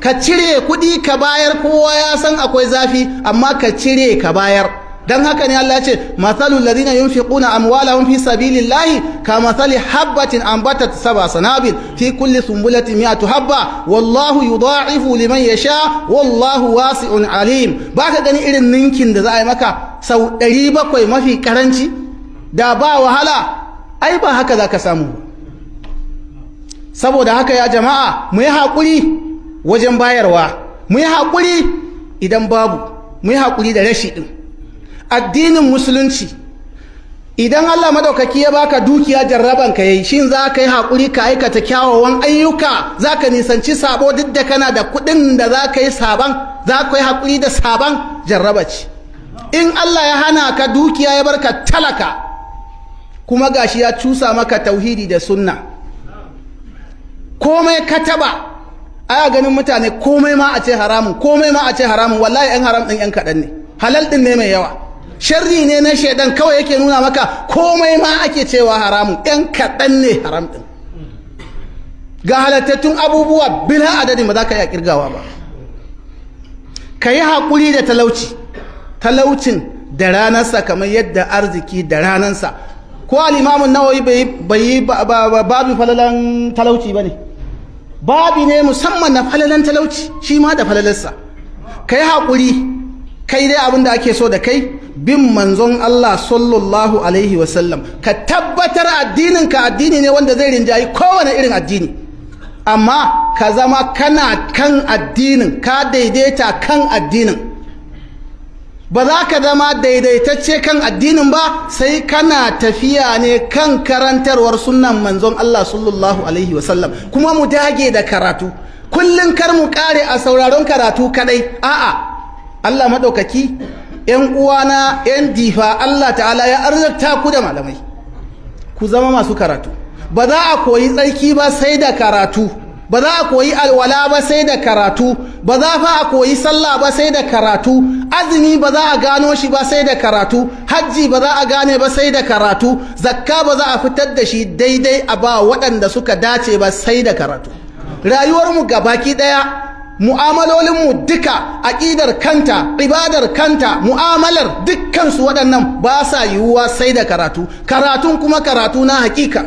ka cire kuɗi ka bayar kowa ya san akwai zafi amma ka cire ka bayar dan haka ne Allah ya ce masalul ladina yunfiquna amwalahum fi sabilillahi ka masali habatin ambatat sab'a sanabil fi kulli sumbulatin mi'atu habba wallahu yudha'ifu liman yasha wallahu wasi'un alim baka gani irin ninkin da za a yi maka sau 700 mafi karanci da ba wahala ai ba haka zaka samu saboda haka ya jama'a mu yi hakuri wajen bayarwa mu yi hakuri idan babu mu yi hakuri da rashi din addinin musulunci idan Allah madaukaki ya baka dukiya jarraban ka yayi shin za ka yi hakuri ka aikata kyawawan ayyuka za ka nisanci sabo duk da kana da kuɗin da za ka yi saban za yi hakuri da saban jarraba ce in Allah ya hana ka dukiya ya barka talaka kuma gashi ya cusa maka tauhidi da sunna komai ka taba aya ganin mutane komai ma a ce haramun komai ma a ce haramun wallahi yan haram din yan kaɗan ne halal ɗin ne mai yawa sharri ne na shaidan kawai yake nuna maka komai ma ake cewa haramun ɗan kaɗan ne haram ɗin ga halattattun abubuwa bila adadin ba za ka iya ƙirgawa ba ka yi haƙuri da talauci talaucin da ranarsa kamar yadda arziki da ranarsa ko alimamun nawayi bai yi babu falalan talauci ba ne babi ne musamman na falalan talauci shi ma da falalarsa ka yi haƙuri kai dai abin da ake so da kai bin manzon Allah sallallahu alaihi wasallam ka tabbatar addininka addini ne wanda zai rinjayi kowane irin addini amma ka zama kana kan addinin ka daidaita kan addinin ba za ka zama daidaitacce kan addinin ba sai kana tafiya ne kan karantarwar sunan manzon Allah sallallahu alaihi wasallam kuma mu dage da karatu kullum kar mu kare a sauraron karatu kadai a'a Allah maɗaukaki yan uwana yan difa Allah ta'ala ya arzakta ku da malamai ku zama masu karatu ba za a koyi tsarki ba sai da karatu ba za a koyi alwala ba sai da karatu ba za fa a koyi sallah ba sai da karatu azumi ba za a gano shi ba sai da karatu hajji ba za a gane ba sai da karatu zakka ba za a fitar da shi daidai a ba waɗanda suka dace ba sai da karatu rayuwarmu gabaki ɗaya mu'amalolinmu duka aƙidar kanta ibadar kanta mu'amalar dukkansu waɗannan ba sa yiwuwa sai da karatu karatun kuma karatu na hakika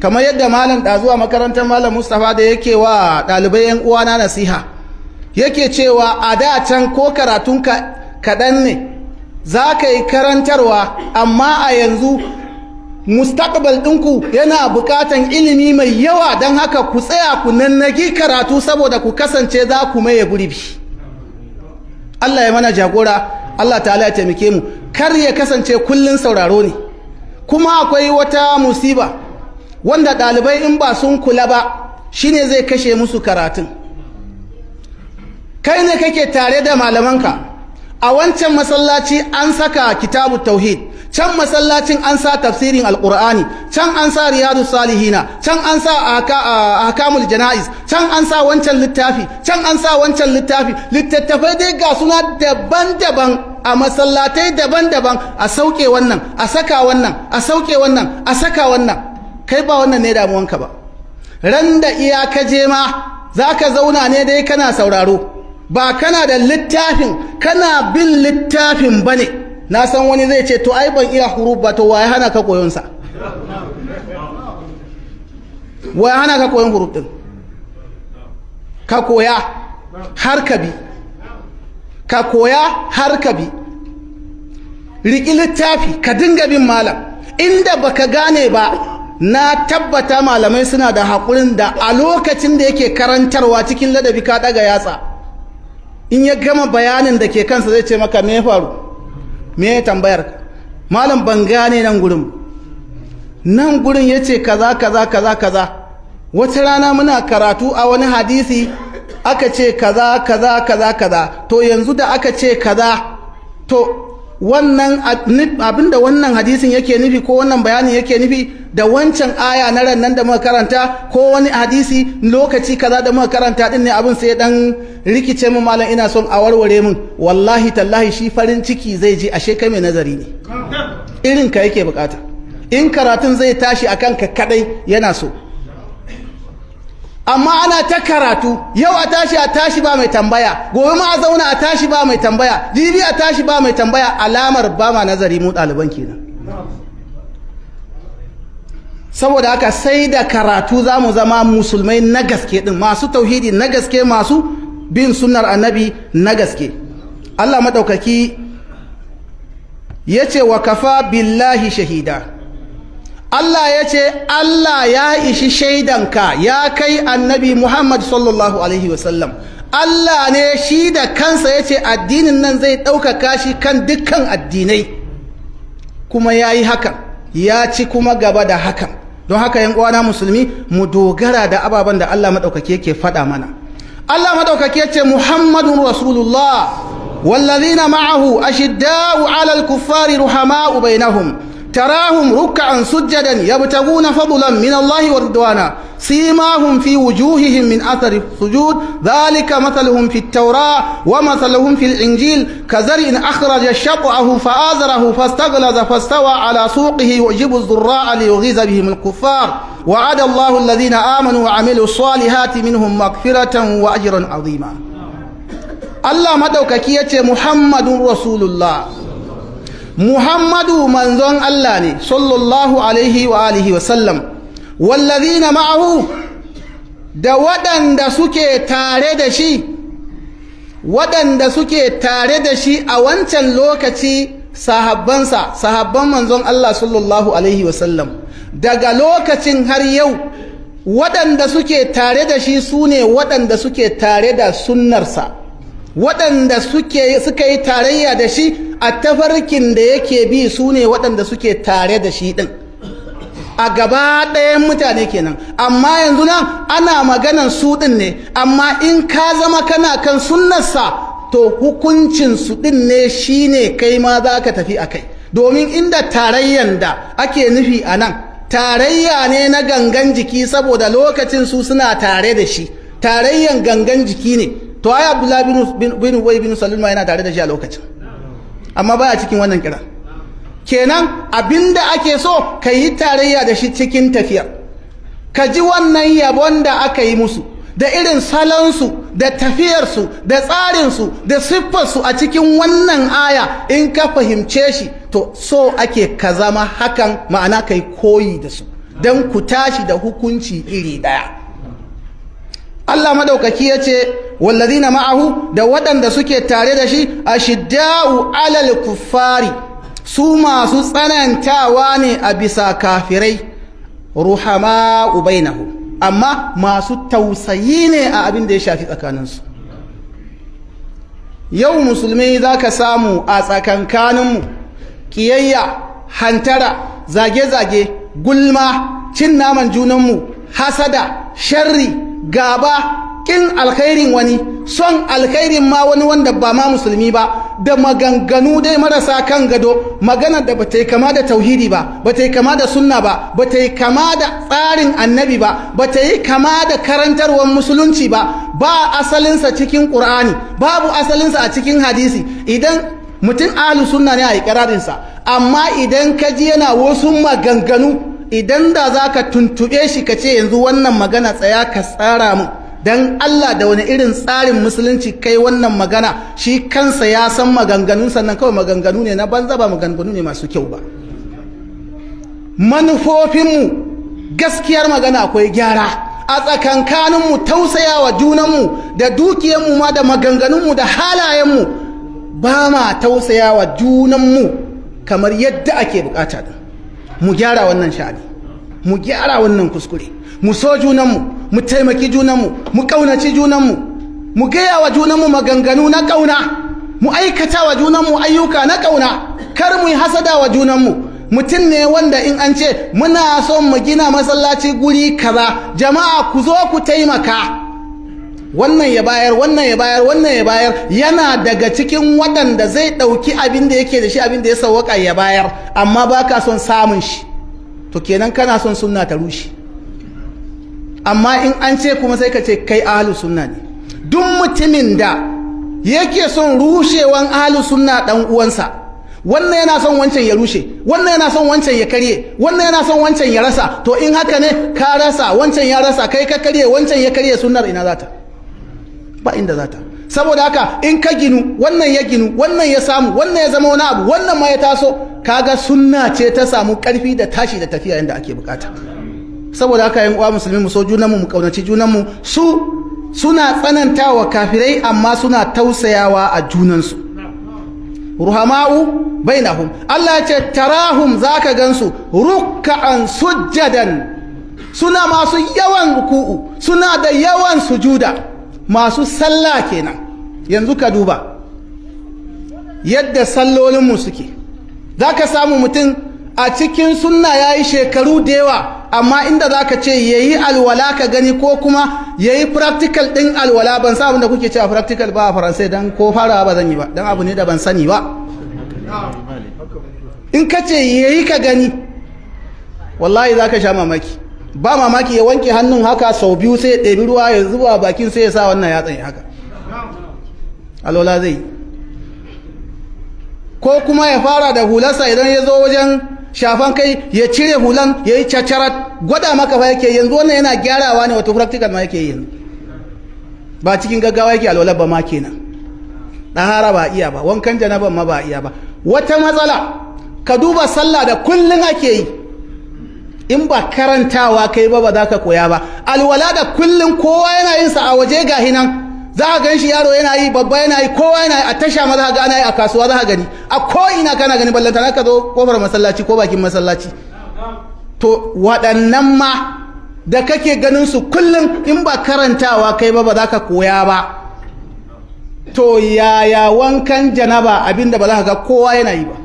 kamar yadda malam ɗazuwa makarantar malam mustapha da yake wa ɗalibai yan uwana nasiha yake cewa a da can ko karatun kaɗan ne za ka yi karantarwa amma a yanzu mustaqbal ɗinku yana buƙatan ilimi mai yawa don haka ku tsaya ku nannagi karatu saboda ku kasance za ku maye gurbi Allah ya mana jagora Allah ta'ala ya taimake mu kar ya kasance kullun sauraro ne kuma akwai wata musiba wanda ɗalibai in ba sun kula ba shine zai kashe musu karatun kai ne kake tare da malamanka a wancan masallaci an saka kitabu tauhid can masallacin an sa tafsirin alqur'ani can an sa riyadu salihina can an sa ahkamul janaiz can an sa wancan littafi can an sa wancan littafi littattafai dai ga suna daban-daban a masallatai daban-daban a sauke wannan a saka wannan a sauke wannan a saka wannan kai ba wannan ne damuwanka ba ran da iya ka je ma za ka zauna ne dai kana sauraro ba kana da littafin kana bin littafin ba ne na san wani zai ce to ai ban iya huruf ba to waye hana ka koyon sa waye hana ka koyon huruf din ka koya har ka bi ka koya har ka bi riƙi littafi ka dinga bin malam inda baka gane ba na tabbata malamai suna da haƙurin da a lokacin da yake karantarwa cikin ladabi ka ɗaga yatsa in ya gama bayanin da ke kansa zai ce maka me faru me ya tambayar malam ban gane nan gurin nan gurin ya ce kaza kaza kaza kaza wata rana muna karatu a wani hadisi aka ce kaza kaza kaza kaza to yanzu da aka ce kaza to wannan da wannan hadisin yake nufi ko wannan bayanin yake nufi da wancan aya na ran da muka karanta ko wani hadisi lokaci kaza da muka karanta din ne abin sai dan rikice mu malam ina son a warware mun wallahi tallahi shi farin ciki zai ji ashe kai mai nazari ne irin ka yake bukata in karatun zai tashi akan ka kadai yana so amma ana ta karatu yau a tashi a tashi ba mai tambaya gobe ma a zauna a tashi ba mai tambaya jibi a tashi ba mai tambaya alamar ba ma nazari mu ɗaliban kenan saboda haka sai da karatu za mu zama musulmai na gaske din masu tauhidi na gaske masu bin sunnar annabi na gaske Allah maɗaukaki ya ce wa kafa billahi shahida Allah ya ce Allah ya ishi shaidanka ya kai annabi Muhammad sallallahu alaihi wasallam Allah ne shi da kansa ya ce addinin nan zai ɗaukaka shi kan dukkan addinai kuma ya yi hakan ya ci kuma gaba da hakan don haka yan uwana musulmi mu dogara da ababen da Allah maɗaukaki yake faɗa mana Allah maɗaukaki ya ce Muhammadun Rasulullah wallazina ma'ahu ashidda'u alal kuffari ruhama'u bainahum تراهم ركعا سجدا يبتغون فضلا من الله ورضوانا سيماهم في وجوههم من أثر السجود ذلك مثلهم في التوراة ومثلهم في الإنجيل كزرع أخرج شطأه فآزره فاستغلظ فاستوى على سوقه يعجب الزراع ليغيظ بهم الكفار وعد الله الذين آمنوا وعملوا الصالحات منهم مغفرة وأجرا عظيما الله مدوكك محمد رسول الله muhammadu manzon Allah ne sallallahu alaihi wa alihi wa sallam wallazina ma'ahu da waɗanda suke tare da shi waɗanda suke tare da shi a wancan lokaci sahabbansa sahabban manzon Allah sallallahu alaihi daga lokacin har yau waɗanda suke tare da shi su ne waɗanda suke tare da sunnarsa waɗanda suka yi tarayya da shi a tafarkin da yake bi su ne waɗanda suke tare da shi ɗin a gaba ɗayan mutane kenan amma yanzu nan ana maganan su ɗin ne amma in ka zama kana kan sunnarsa to hukuncin su ɗin ne shi ne kai ma za ka tafi a kai domin inda tarayyan da ake nufi a nan tarayya ne na gangan jiki saboda lokacin su suna tare da shi tarayyan gangan jiki ne to ai abdullahi bin bin ubay bin salulma yana tare da shi a lokacin amma baya cikin wannan kira kenan abinda ake so ka yi tarayya da shi cikin tafiya ka ji wannan yabon da aka yi musu da irin salonsu da tafiyarsu da tsarinsu da siffarsu a cikin wannan aya in ka fahimce shi to so ake ka zama hakan ma'ana kai koyi da su don ku tashi da hukunci iri daya Allah madaukaki ya ce na ma'ahu da waɗanda suke tare da shi a shidda'u alal kuffari su masu tsanantawa ne a bisa kafirai ruhama'u bainahu amma masu tausayi ne a abin da ya shafi tsakaninsu yau musulmi za ka samu a tsakankaninmu ƙiyayya hantara zage-zage gulma cin naman junanmu hasada sharri gaba kin alkhairin wani son alkhairin ma wani wanda ba ma musulmi ba da maganganu dai marasa kan gado maganar da bata yi kama da tauhidi ba bata yi kama da sunna ba bata yi kama da tsarin annabi ba bata yi kama da karantarwar musulunci ba ba asalinsa cikin qur'ani babu asalinsa a cikin hadisi idan mutum ahlu sunna ne a yi ikirarinsa amma idan ka ji yana wasu maganganu idan da za ka tuntuɓe shi ka ce yanzu wannan magana tsaya ka tsara mu dan Allah da wani irin tsarin musulunci kai wannan magana shi kansa ya san maganganun sannan kawai maganganu ne na banza ba maganganu ne masu kyau ba manufofinmu gaskiyar magana akwai gyara a tsakankaninmu wa junanmu da dukiyanmu ma da maganganunmu da halayenmu ba ma tausaya wa junanmu kamar yadda ake bukata mu gyara wannan sha'ani mu gyara wannan kuskure mu so junanmu mu taimaki junanmu mu ƙaunaci junanmu mu gaya wa junanmu maganganu na ƙauna mu aikata wa junanmu ayyuka na ƙauna kar mu yi hasada wa junanmu mutum ne wanda in an ce muna son mu gina masallaci guri kaza jama'a ku zo ku taimaka wannan ya bayar wannan ya bayar wannan ya bayar yana daga cikin waɗanda zai ɗauki abin da yake da shi abin da ya sauwaƙa ya bayar amma baka son samun shi to kenan kana son sunna ta rushe amma in an ce kuma sai ka ce kai ahlu sunna ne duk mutumin da yake son rushewan ahlu sunna dan uwansa wannan yana son wancan ya rushe wannan yana son wancan ya karye wannan yana son wancan ya rasa to in haka ne ka rasa wancan ya rasa kai ka karye wancan ya karye sunnar ina zata ba inda zata saboda haka in ka ginu wannan ya ginu wannan ya samu wannan ya zama wani abu wannan ma ya taso kaga sunna ce ta samu karfi da tashi da tafiya yadda ake bukata saboda haka yan uwa musulmi mu so junanmu mu kaunaci mu su suna tsanantawa kafirai amma suna tausayawa a junansu ruhama'u bainahum Allah ya ce tarahum zaka gansu rukka'an sujjadan suna masu yawan ruku'u suna da yawan sujuda masu sallah kenan yanzu ka duba yadda sallolinmu suke za ka samu mutum a cikin sunna ya yi shekaru da yawa amma inda za ka ce ya yi alwala ka gani ko kuma ya yi practical ɗin alwala ban sa da kuke cewa practical ba a faransa don ko farawa ba zan yi ba don abu ne da ban sani ba in ka ce ya yi ka gani wallahi za ka sha mamaki ba mamaki ya wanke hannun haka sau biyu sai ya ɗebi ruwa ya zuba bakin sai ya sa wannan ya tsaye haka alola zai ko kuma ya fara da hularsa idan ya zo wajen shafan kai ya cire hulan ya yi cacarat gwada maka fa yake yanzu wannan yana gyarawa ne wato practical ma yake yanzu ba cikin gaggawa yake alola ba ma kenan ɗahara ba iya ba wankan janaban ma ba iya ba wata matsala ka duba sallah da kullum ake yi in ba karantawa kai ba ba za ka koya ba alwala da kullum kowa yana yin sa a waje ga hinan za ka gan shi yaro yana yi babba yana yi kowa yana yi a tasha ma za ka a kasuwa za ka gani a ko ina kana gani ballanta ka zo kofar masallaci ko bakin masallaci to waɗannan ma da kake ganin su kullum in ba karantawa kai ba ba za ka koya ba to yaya wankan janaba abinda ba za ka ga kowa yana yi ba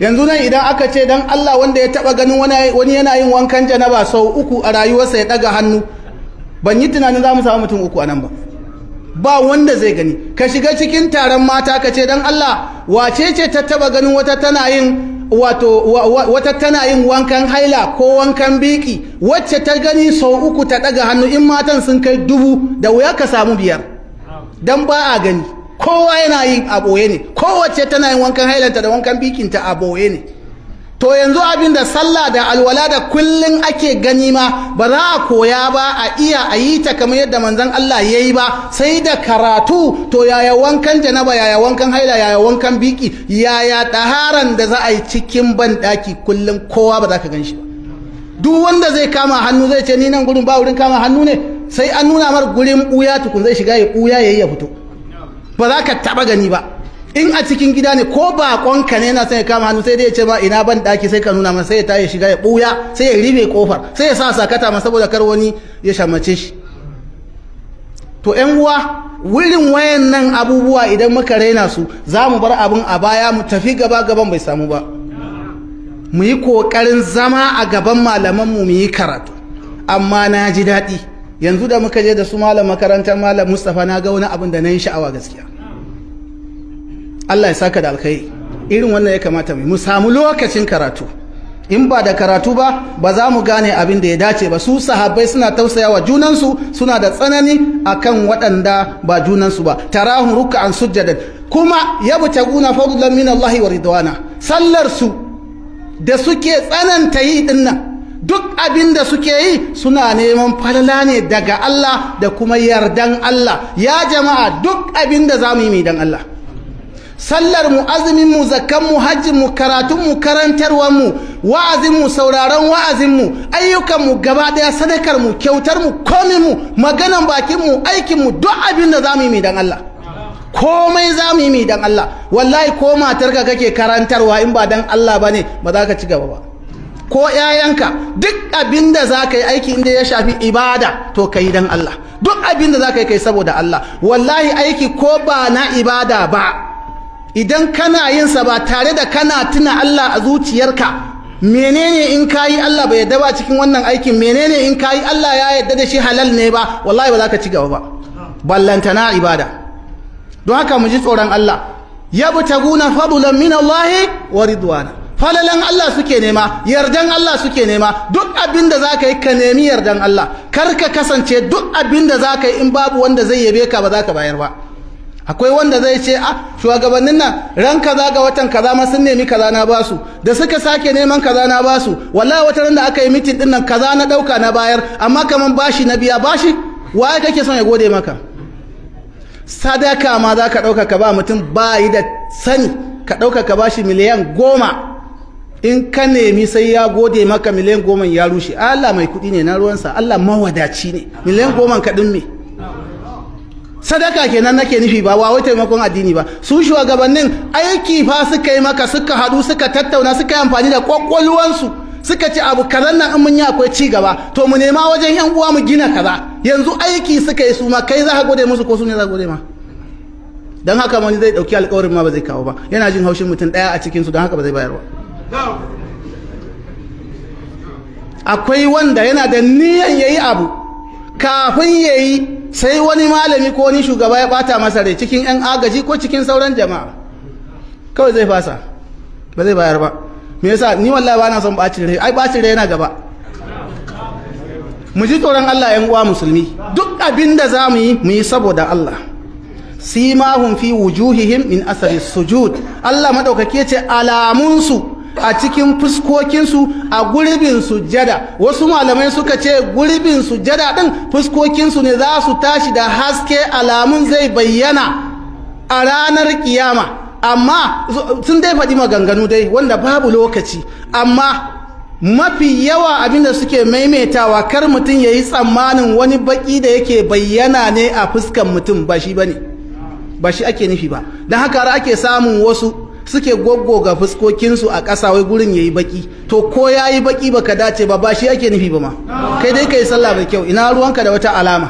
yanzu nan idan aka ce dan Allah wanda ya taba ganin wani yana yin wankan janaba sau uku a rayuwarsa ya daga hannu ban yi tunanin za mu samu mutum uku a nan ba ba wanda zai gani ka shiga cikin taron mata ka ce dan Allah wace ce ta taba ganin wata tana yin wato wata tana yin wankan haila ko wankan biki wacce ta gani sau uku ta daga hannu in matan sun kai dubu da wuya ka samu biyar dan ba a gani kowa yana yin a boye ne kowace tana yin wankan hailanta da wankan bikinta a boye ne to yanzu abin da sallah da alwala da kullun ake gani ma ba za a koya ba a iya a yi ta kamar yadda manzon Allah ya yi ba sai da karatu to yaya wankan janaba yaya wankan haila yaya wankan biki yaya taharan da za a yi cikin banɗaki kullum kowa ba za ka gan shi ba duk wanda zai kama hannu zai ce ni nan gurin ba wurin kama hannu ne sai an nuna mar gurin ɓuya tukun zai shiga ya ɓuya ya yi ya fito ba za ka taɓa gani ba in a cikin gida ne ko baƙonka ne na sai kama hannu sai dai ya ce ma ina ban ɗaki sai ka nuna masa sai ya tashi shiga ya buya sai ya ribe kofar sai ya sa sakata ma saboda kar wani ya shamace shi to yan uwa wurin wayan nan abubuwa idan muka raina su za mu bar abin a baya mu tafi gaba gaban bai samu ba mu yi ƙoƙarin zama a gaban malamanmu mu yi karatu amma na ji daɗi yanzu da muka je da su malam makarantar malam Mustapha na ga wani abin da na yi sha'awa gaskiya Allah ya saka da alkai irin wannan ya kamata mu samu lokacin karatu in ba da karatu ba ba za mu gane abin da ya dace ba su sahabbai suna tausayawa junansu suna da tsanani a kan waɗanda ba junansu ba tarahum ruk'an sujjadan kuma yabtaguna fadlan min Allah wa ridwana sallar su da suke tsananta yi dinnan duk abin da suke yi suna neman falala ne daga Allah da kuma yardan Allah ya jama'a duk abin da za mu yi dan Allah sallar mu azumin mu zakkan mu hajjin mu karatun mu karantarwar mu wa'azin mu sauraron wa'azin mu ayyukan mu gaba daya sadakar mu kyautar mu komin mu maganan bakin mu aikin mu duk abin da za mu yi dan Allah komai za mu yi dan Allah wallahi ko matarka kake karantarwa in ba dan Allah bane ba za ka ci gaba ba ko 'ya'yanka duk abinda da za ka yi aiki inda ya shafi ibada to ka yi don Allah duk abin da za ka yi kai saboda Allah wallahi aiki ko ba na ibada ba idan kana yin sa ba tare da kana tuna Allah a zuciyarka menene in ka yi Allah bai yadda ba cikin wannan aikin menene in ka yi Allah ya yadda da shi halal ne ba wallahi ba za ka ci gaba ba ballantana ibada don haka mu ji tsoron Allah yabtaguna fadlan min Allah wa ridwana falalan Allah suke nema yardan Allah suke nema duk abin da za ka yi ka nemi yardan Allah kar ka kasance duk abin da za ka yi in babu wanda zai yabe ka ba za ka bayar ba akwai wanda zai ce a ah, shugabannin nan ran kaza ga watan kaza ma sun nemi kaza na basu da suka sake neman kaza na basu wallahi wata ran da aka yi mitin din nan kaza na dauka na bayar amma kaman bashi na biya bashi waye kake son ya gode maka sadaka ma za ka dauka ka ba mutum ba yi da sani ka dauka ka bashi miliyan goma in ka nemi sai ya gode maka miliyan goma ya rushe Allah mai kuɗi ne na ruwansa Allah mawadaci ne miliyan goma kaɗin me sadaka kenan nake nufi ba wai taimakon addini ba su shugabannin aiki fa suka yi maka suka haɗu suka tattauna suka yi amfani da kwakwalwansu suka ci abu kazan nan in mun yi akwai ci gaba to mu nema wajen yan uwa mu gina kaza yanzu aiki suka yi su ma kai za ka gode musu ko su ne za ka gode ma don haka wani zai ɗauki alkawarin ma ba zai kawo ba yana jin haushin mutum ɗaya a cikinsu don haka ba zai bayarwa akwai wanda yana da niyan yayi abu kafin ya yi sai wani malami ko wani shugaba ya bata masa rai cikin yan agaji ko cikin sauran jama'a kawai zai fasa ba zai bayar ba me yasa ni wallahi ba na son bacin rai ai bacin rai yana gaba mu ji tsoron Allah yan uwa musulmi duk abin da za mu yi mu yi saboda Allah simahum fi wujuhihim min asari sujud Allah madaukake ce alamunsu a cikin fuskokinsu a gurbin sujada wasu malamai suka ce gurbin sujada din fuskokinsu ne za su tashi da haske alamun zai bayyana a ranar kiyama amma sun dai faɗi maganganu dai wanda babu lokaci amma mafi yawa abinda suke maimaitawa kar mutum ya yi tsammanin wani baƙi da yake bayyana ne a fuskan mutum ba shi ba ne ba shi ake nufi ba don haka ake samun wasu suke ga fuskokinsu a ƙasa wai gurin yi baƙi, to ko yayi baki baka dace ba ba shi ake nufi ba ma kai dai kai sallah mai kyau ina ruwanka da wata alama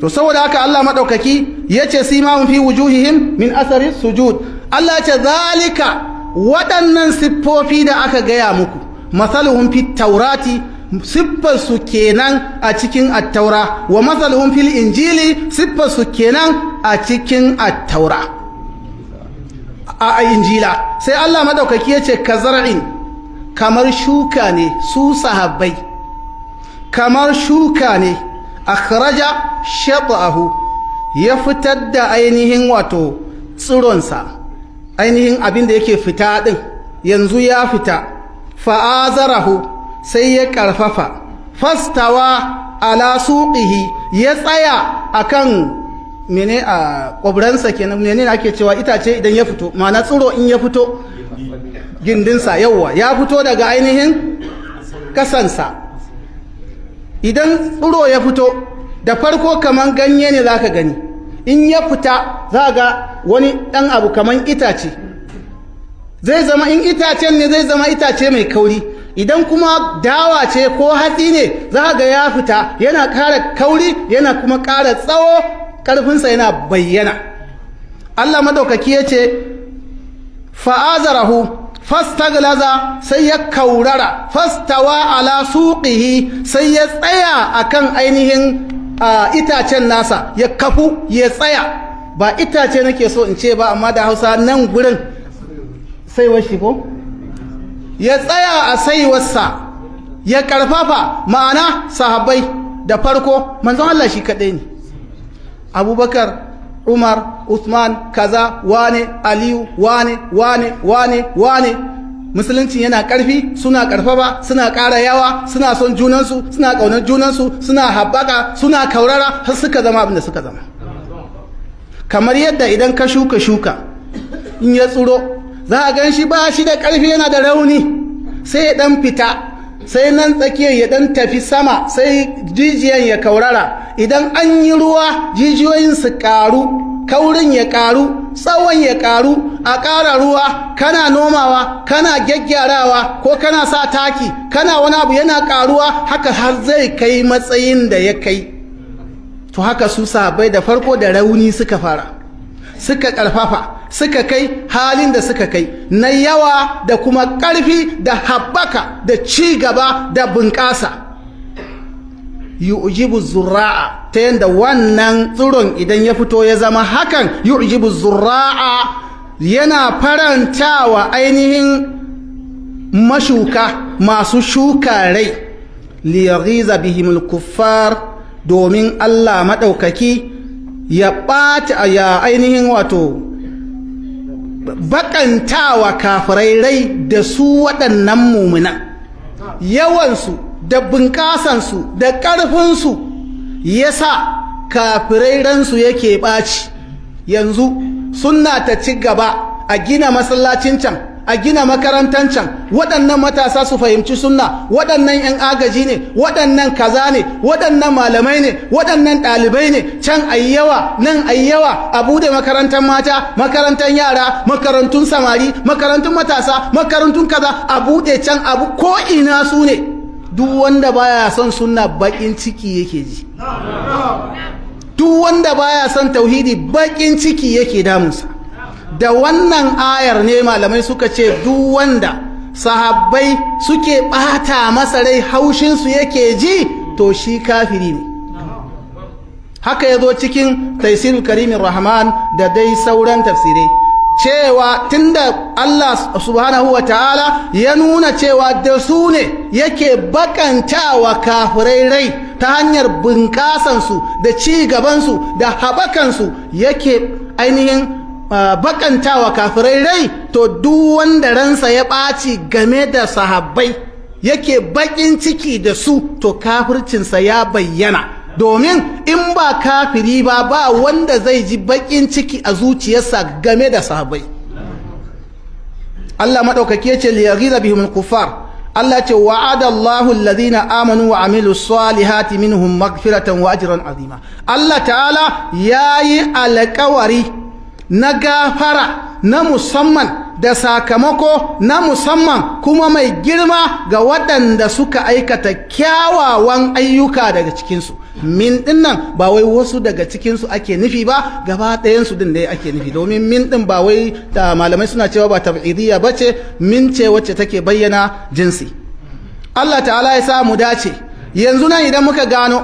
to saboda haka Allah madaukaki yace simamun fi wujuhihim min asari sujud Allah yace zalika waɗannan siffofi da aka gaya muku masaluhum fit taurati siffarsu kenan a cikin attaura wa matsalin fil injili siffarsu kenan a cikin attaura a injila sai Allah madaukaki ya ce ka zara'in kamar shuka ne su sahabbai kamar shuka ne a kharaja shat'ahu ya fitar da ainihin wato tsironsa ainihin abinda da yake fita ɗin yanzu ya fita fa'azarahu sai ya karfafa fastawa ala suqihi ya tsaya akan mene a kwabransa kenan mene ake cewa itace idan ya fito ma'ana tsiro in ya fito gindinsa yauwa ya fito daga ainihin sa idan tsiro ya fito da farko kaman ganye ne zaka gani in ya fita za ga wani dan abu kaman itace zai zama in itacen ne zai zama itace mai kauri idan kuma dawa ce ko hatsi ne za ga ya fita yana ƙara kauri yana kuma ƙara tsawo ƙarfinsa yana bayyana Allah madaukaki ya ce fa'azarahu fastaglaza sai ya kaurara fastawa ala suqihi sai ya tsaya akan ainihin itacen nasa ya kafu ya tsaya ba itace nake so in ce ba amma da Hausa nan gurin sai washi ko ya tsaya a saiwarsa ya karfafa ma'ana sahabbai da farko manzon Allah shi kaɗai ne abubakar umar usman kaza wane aliyu wane wane wane wane musulunci yana karfi suna ƙarfafa suna ƙara yawa suna son junansu suna ƙaunar junansu suna haɓaka suna kaurara har suka zama abin suka zama kamar yadda idan ka shuka shuka in ya tsuro za a gan shi ba shi da ƙarfi yana da rauni sai ya ɗan fita sai nan tsakiyar ya ɗan tafi sama sai jijiyan ya kaurara idan an yi ruwa jijiyoyin su ƙaru kaurin ya ƙaru tsawon ya ƙaru a ƙara ruwa kana nomawa kana gyaggyarawa ko kana sa taki kana wani abu yana ƙaruwa haka har zai kai matsayin da ya kai to haka su sahabbai da farko da rauni suka fara suka ƙarfafa suka kai halin da suka kai na yawa da kuma ƙarfi da haɓaka da ci gaba da bunƙasa yu'jibu zura'a ta yadda wannan tsiron idan ya fito ya zama hakan yu'jibu zura'a yana farantawa ainihin mashuka masu shuka rai liyaghiza bihimul kuffar domin Allah maɗaukaki ya ɓata ya ainihin wato bakantawa kafirai rai da su waɗannan mumuna yawansu da bunƙasansu da ƙarfinsu ya sa kafirai ransu yake ɓaci yanzu suna ta ci gaba a gina masallacin can a gina makarantan can waɗannan matasa su fahimci sunna waɗannan 'yan agaji ne waɗannan kaza ne waɗannan malamai ne waɗannan ɗalibai ne can ayyawa nan ayyawa a bude makarantar mata makarantar yara makarantun samari makarantun matasa makarantun kaza a bude can abu ko ina su ne duk wanda baya son sunna bakin ciki yake ji duk wanda baya son tauhidi baƙin ciki yake damunsa da wannan ayar ne malamai suka ce duk wanda sahabbai suke ɓata masa rai haushinsu yake ji to shi kafiri ne haka ya zo cikin taisirul karimin rahman da dai sauran tafsirai cewa tunda Allah subhanahu wa ta'ala ya nuna cewa da su ne yake bakantawa kafirai rai ta hanyar bunƙasansu da ci gabansu da haɓakansu yake ainihin Ah, bakantawa kafirai rai to duk wanda ransa ya ɓaci game da sahabbai yake bakin ciki da su to kafircinsa ya bayyana domin in ba kafiri ba ba wanda zai ji bakin ciki a zuciyarsa game da sahabbai Allah maɗaukaki ya ce liyaghiza bihim kufar Allah ce wa'ada Allahu alladhina amanu wa amilu salihati minhum maghfiratan wa ajran azima Allah ta'ala yayi alƙawari na gafara na musamman da sakamako na musamman kuma mai girma ga waɗanda suka aikata kyawawan ayyuka daga cikinsu min ɗin nan ba wai wasu daga cikinsu ake nufi ba gaba ɗayansu ɗin da ake nufi domin min ɗin ba wai da malamai suna cewa ba tab'idiyya ba ce min ce wacce take bayyana jinsi Allah ta'ala ya samu dace yanzu nan idan muka gano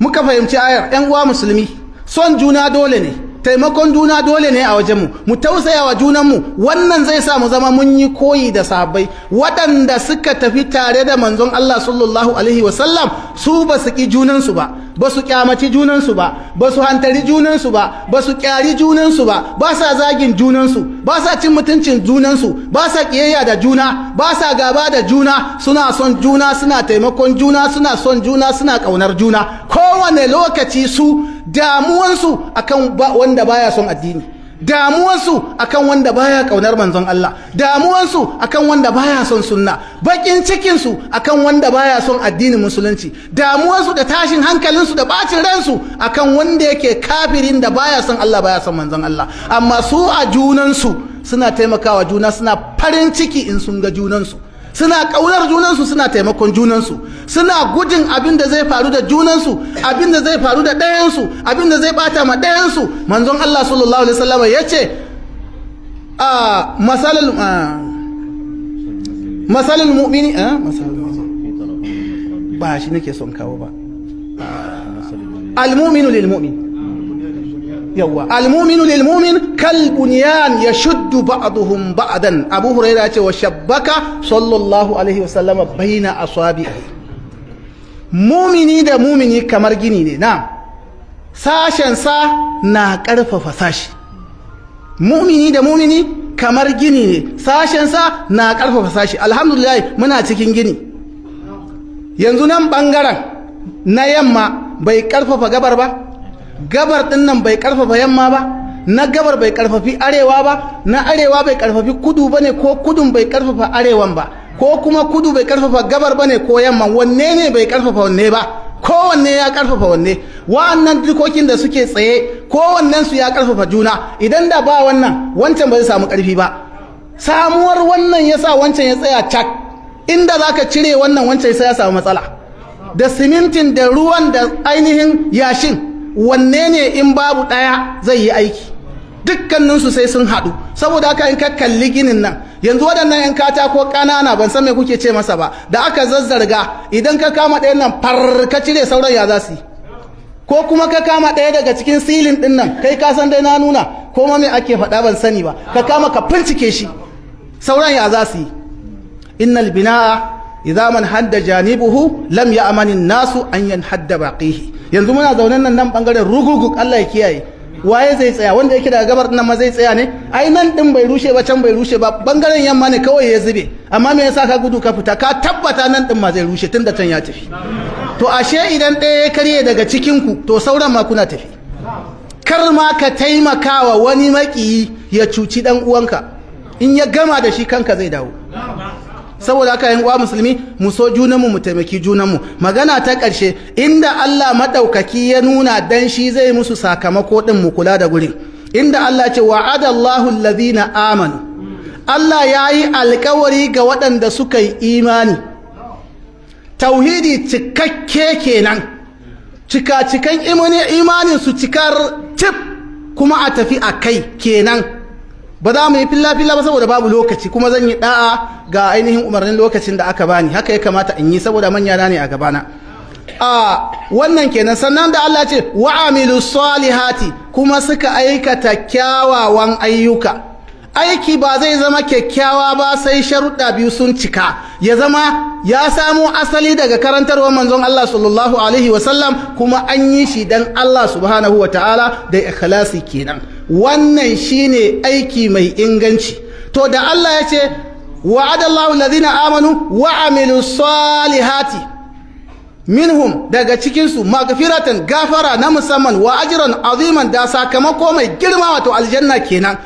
muka fahimci ayar 'yan uwa musulmi son juna dole ne taimakon juna dole ne a wajenmu mu tausaya wa junanmu wannan zai sa mu zama mun yi koyi da sahabbai waɗanda suka tafi tare da manzon Allah sallallahu alaihi wasallam su ba su ƙi junansu ba ba su ƙyamaci junansu ba ba su hantari junansu ba ba su ƙyari junansu ba ba sa zagin junansu ba sa cin mutuncin junansu ba sa ƙiyayya da juna ba sa gaba da juna suna son juna suna taimakon juna suna son juna suna ƙaunar juna kowane lokaci su damuwansu akan wanda baya son addini damuwansu akan wanda baya kaunar manzon Allah damuwansu akan wanda baya son sunna bakin cikinsu akan wanda baya son addinin musulunci damuwansu da tashin hankalinsu da bacin ransu akan wanda yake kafirin da baya son Allah baya son manzon Allah amma su a junansu suna taimakawa juna suna farin ciki in sun ga junansu suna ƙaunar junansu suna taimakon junansu suna gudun abin da zai faru da junansu abin da zai faru da ɗayansu abin da zai bata ma ɗayansu manzon Allah sallallahu alaihi wasallam ya ce a ah, masalul ah, masalul mu'mini a ah, ba shi nake son kawo ba al mu'minu lil mu'min yawa almuminu lil mumin kal bunyan yashuddu ba'dhum ba'dan abu huraira ya ce wa shabbaka sallallahu alaihi wa sallama baina asabi'i mumini da mumini kamar gini ne na sashensa na ƙarfafa sashi mumini da mumini kamar gini ne sa na ƙarfafa sashi alhamdulillah muna cikin gini yanzu nan ɓangaren na yamma bai ƙarfafa gabar ba gabar din nan bai karfafa yamma ba na gabar bai karfafi arewa ba na arewa bai karfafi kudu ba ne ko kudun bai karfafa arewan ba ko kuma kudu bai karfafa gabar bane ko yamma wanne ne bai karfafa wanne ba kowanne ya karfafa wanne wa'annan dukokin da suke tsaye kowannen su ya karfafa juna idan da ba wannan wancan ba zai samu karfi ba samuwar wannan ya sa wancan ya tsaya cak inda za ka cire wannan wancan sai ya samu matsala da simintin da ruwan da ainihin yashin wanne ne in babu ɗaya zai yi aiki dukkaninsu sai sun haɗu saboda haka in ka kalli ginin nan yanzu waɗannan 'yan katako ƙanana ban san me kuke ce masa ba da aka zazzarga idan ka kama ɗayan nan far ka cire sauran ya za su yi ko kuma ka kama ɗaya daga cikin silin ɗin nan kai ka san dai na nuna ko ma me ake faɗa ban sani ba ka kama ka bincike shi sauran ya za su yi innal bina'a idza man hadda janibuhu lam ya'man nasu an yanhadda baqihi yanzu muna zaune nan nan bangaren rugugu Allah ya kiyaye waye zai tsaya wanda yake daga gabar nan ma zai tsaya ne ai nan din bai rushe ba can bai rushe ba bangaren yamma ne kawai ya zube amma me yasa ka gudu ka fita ka tabbata nan din ma zai rushe tunda can ya tafi to ashe idan ɗaya ya karye daga cikin ku to sauran ma kuna tafi kar ma ka taimakawa wani makiyi ya cuci dan uwanka in ya gama da shi kanka zai dawo saboda haka yan uwa musulmi mu so junanmu mu taimaki junan mu. magana ta ƙarshe inda Allah madaukaki ya nuna dan shi zai musu sakamako din mu kula da gurin inda Allah ce wa'adallahu alladhina amanu Allah ya yi alkawari ga waɗanda suka yi imani tauhidi cikakke kenan cika cikan imanin su cikar tip kuma a tafi a kai kenan ba za mu yi filla filla ba saboda babu lokaci kuma zan yi da'a ga ainihin umarnin lokacin da aka bani haka ya kamata in yi saboda manya na ne a gabana a wannan kenan sannan da Allah ce wa amilu salihati kuma suka aikata kyawawan ayyuka aiki ba zai zama kyakkyawa ba sai sharuɗa biyu sun cika ya zama ya samo asali daga karantarwar manzon Allah sallallahu alaihi wasallam kuma an yi shi dan Allah subhanahu wa ta'ala da ikhlasi kenan wannan shine aiki mai inganci to da Allah ya ce wa'adallahu alladhina amanu wa salihati minhum daga cikin su magfiratan gafara na musamman wa ajran aziman da sakamako mai girma wato aljanna kenan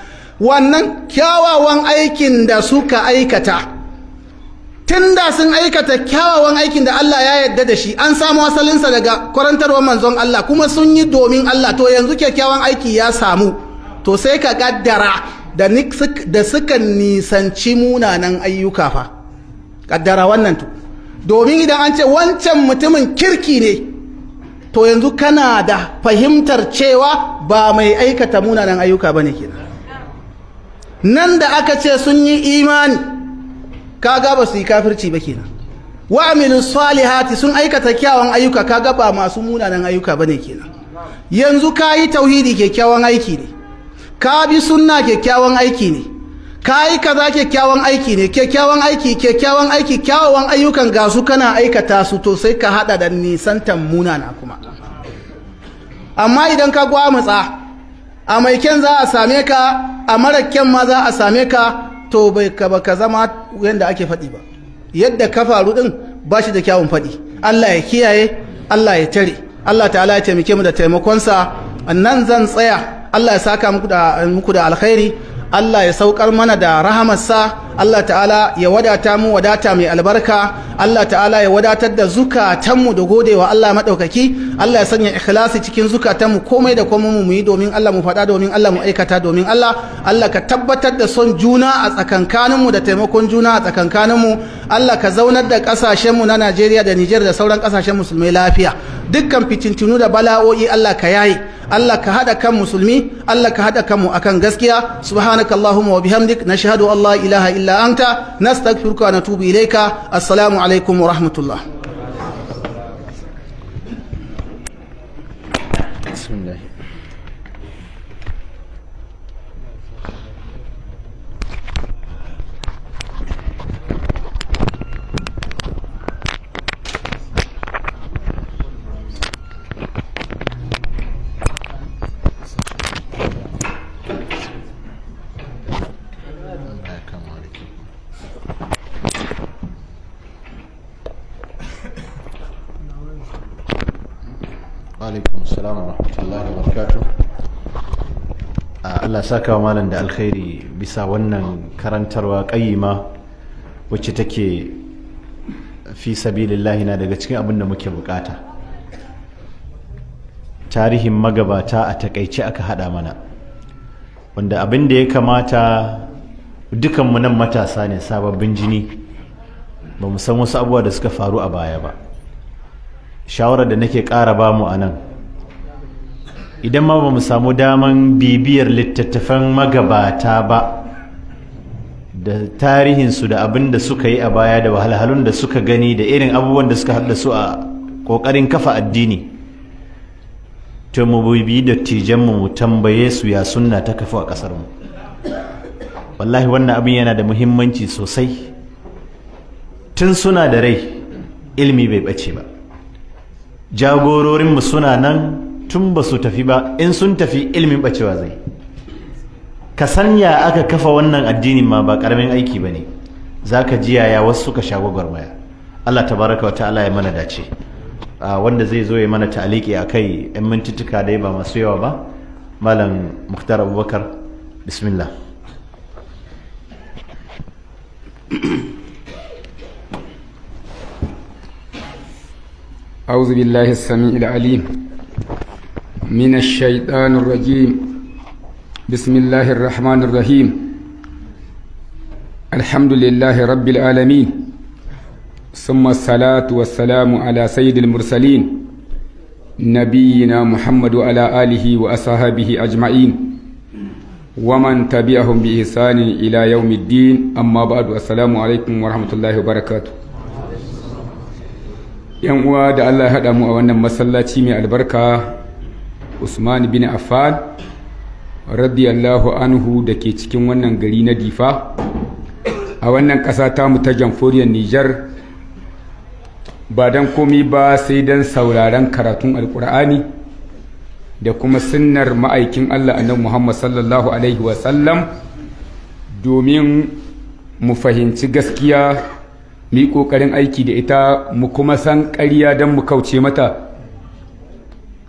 wannan kyawawan aikin da suka aikata tunda sun aikata kyawawan aikin da Allah ya yarda da shi an samu asalinsa daga kwarantarwar manzon Allah kuma sun yi domin Allah to yanzu kyakkyawan aiki ya samu to sai ka kaddara da suka nisanci munanan ayyuka fa kaddara wannan to domin idan an ce wancan mutumin kirki ne to yanzu kana da fahimtar cewa ba mai aikata munanan ayyuka ba ne kenan nan da aka ce sun yi imani kaga ba su yi kafirci ba kenan wa amilu salihati sun aikata kyawun ayyuka kaga ba masu munanan ayyuka ba ne kenan yanzu ka yi tauhidi kyakkyawan aiki ne ka bi sunna kyakkyawan aiki ne ka yi kaza kyakkyawan aiki ne kyakkyawan aiki kyakkyawan aiki kyawawan ayyukan gasu kana aikata su to sai ka hada da nisantan munana kuma amma idan ka matsa a mai kyan za a same ka a mara kyan ma za a same ka to bai ka ba ka zama yadda ake faɗi ba yadda ka faru din ba shi da kyawun faɗi Allah ya kiyaye Allah ya tare Allah ta'ala ya taimake mu da taimakonsa nan zan tsaya Allah ya saka muku da alkhairi Allah ya saukar mana da rahamarsa Allah ta'ala ya wadata mu wadata mai albarka Allah ta'ala ya wadatar da zukatanmu da godewa Allah maɗaukaki. Allah ya sanya ikhlasi cikin zukatanmu komai da komai mu yi domin Allah mu faɗa domin Allah mu aikata domin Allah Allah ka tabbatar da son juna a tsakankaninmu da taimakon juna a tsakankaninmu Allah ka zaunar da ƙasashenmu na Najeriya da Nijar da sauran ƙasashen musulmai lafiya dukkan fitintunu da bala'o'i Allah ka yaye Allah ka haɗa kan musulmi Allah ka haɗa kanmu akan gaskiya subhanakallahumma wa bihamdik nashhadu an la ilaha illa illa anta nastaghfiruka wa natubu ilayka assalamu alaikum wa rahmatullah
bismillah saka wa malam da alkhairi bisa wannan karantarwa kayyima wacce take fi sabilillahi na daga cikin abin da muke bukata tarihin magabata a takaice aka hada mana wanda abin da ya kamata dukanmu nan matasa ne sababbin jini ba san wasu abubuwa da suka faru a baya ba shawarar da nake ƙara mu a nan idan ma ba mu samu daman bibiyar littattafan magabata ba da tarihinsu da abin da suka yi a baya da wahalhalun da suka gani da irin abubuwan da suka haɗa su a ƙoƙarin kafa addini to mu bibi dattijanmu mu tambaye su ya sunna ta kafu a ƙasarmu wallahi wannan abin yana da muhimmanci sosai tun suna da rai ilmi bai ɓace ba jagororinmu suna nan tun ba su tafi ba in sun tafi ilimin bacewa zai ka sanya aka kafa wannan addinin ma ba karamin aiki ba ne za ka ji yaya wasu suka sha gwagwarmaya Allah ta baraka wa ta'ala ya mana dace wanda zai zo ya mana ta'aliki a kai yan mintituka dai ba masu yawa ba malam muktar abubakar bismillah
أعوذ بالله السميع العليم من الشيطان الرجيم بسم الله الرحمن الرحيم الحمد لله رب العالمين ثم الصلاة والسلام على سيد المرسلين نبينا محمد وعلى آله وأصحابه أجمعين ومن تبعهم بإحسان إلى يوم الدين أما بعد السلام عليكم ورحمة الله وبركاته yan uwa da Allah ya haɗa mu a wannan masallaci mai albarka usman bin affan radiyallahu anhu da ke cikin wannan gari na difa a wannan ƙasa tamu ta jamforiyar nijar ba don komi ba sai don sauraren karatun Alƙur'ani da kuma sunnar ma'aikin allah annabi muhammad sallallahu alaihi wasallam domin mu fahimci gaskiya mu ƙoƙarin aiki da ita mu kuma san ƙarya don mu kauce mata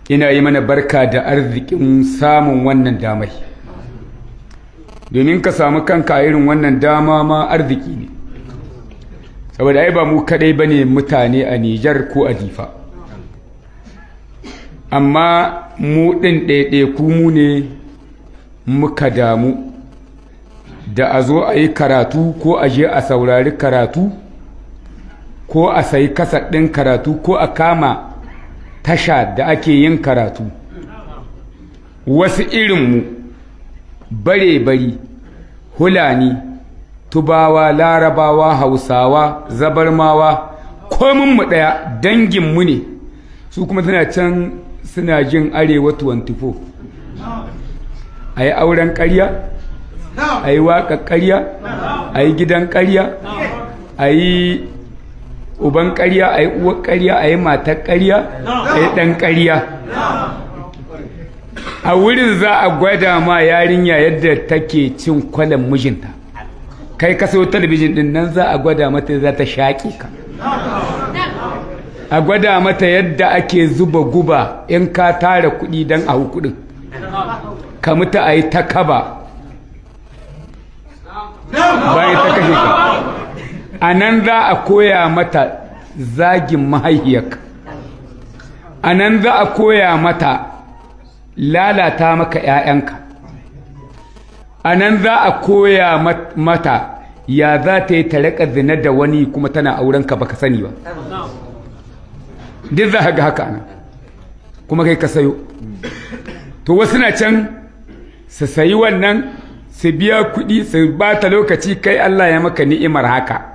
ina yi mana barka da arzikin samun wannan damar domin ka samu kanka irin wannan dama ma arziki ne saboda ai ba mu kadai bane mutane a Nijar ko a Difa amma mu ɗin ku mu ne muka damu da a zo a yi karatu ko a je a saurari karatu ko a sayi kasar ɗin karatu ko a kama tasha da ake yin karatu wasu irinmu bare-bari hulani tubawa larabawa hausawa zabarmawa kominmu ɗaya danginmu ne su kuma suna can suna jin arewa 24 a yi auren ƙarya a yi waƙa ƙarya a yi gidan ƙarya a yi uban ƙarya a yi uwar ƙarya a yi matar karya a yi ɗan karya. a wurin za a gwada ma yarinya yadda take cin kwalan mijinta kai ka sayo talabijin din nan za a gwada mata za ta shaƙi ka a gwada mata yadda ake zuba guba in ka tara kuɗi don a hukudin ka mutu a yi ta kaba bayan ta kashe ka a nan za a koya mata zagin mahaihiyarka a nan za a koya mata lalata maka 'ya'yanka a nan za a koya mata ya za ta yi tarika zina da wani kuma tana aurenka baka sani ba duk za ga haka nan kuma kai ka sayo to wasu na can su sayi wannan su biya kuɗi su ba ta lokaci kai Allah ya maka ni'imar haka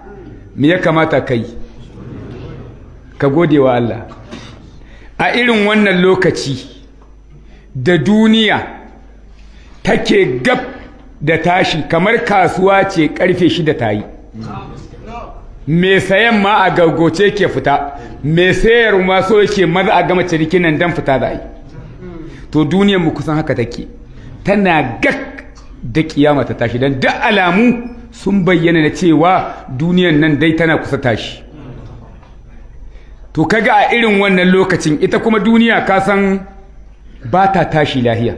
me ya kamata kai ka gode wa Allah a irin wannan lokaci da duniya take gab da tashi kamar kasuwa ce karfe shida ta yi mai sayan ma a gargoce ke fita mai sayar ma so yake maza a gama ciniki nan dan fita za yi to duniyar mu kusan haka take tana gak da kiyama ta tashi dan duk alamu sun bayyana na cewa duniyan nan dai tana kusa tashi to kaga a irin wannan lokacin ita kuma duniya ka san ba ta tashi lahiya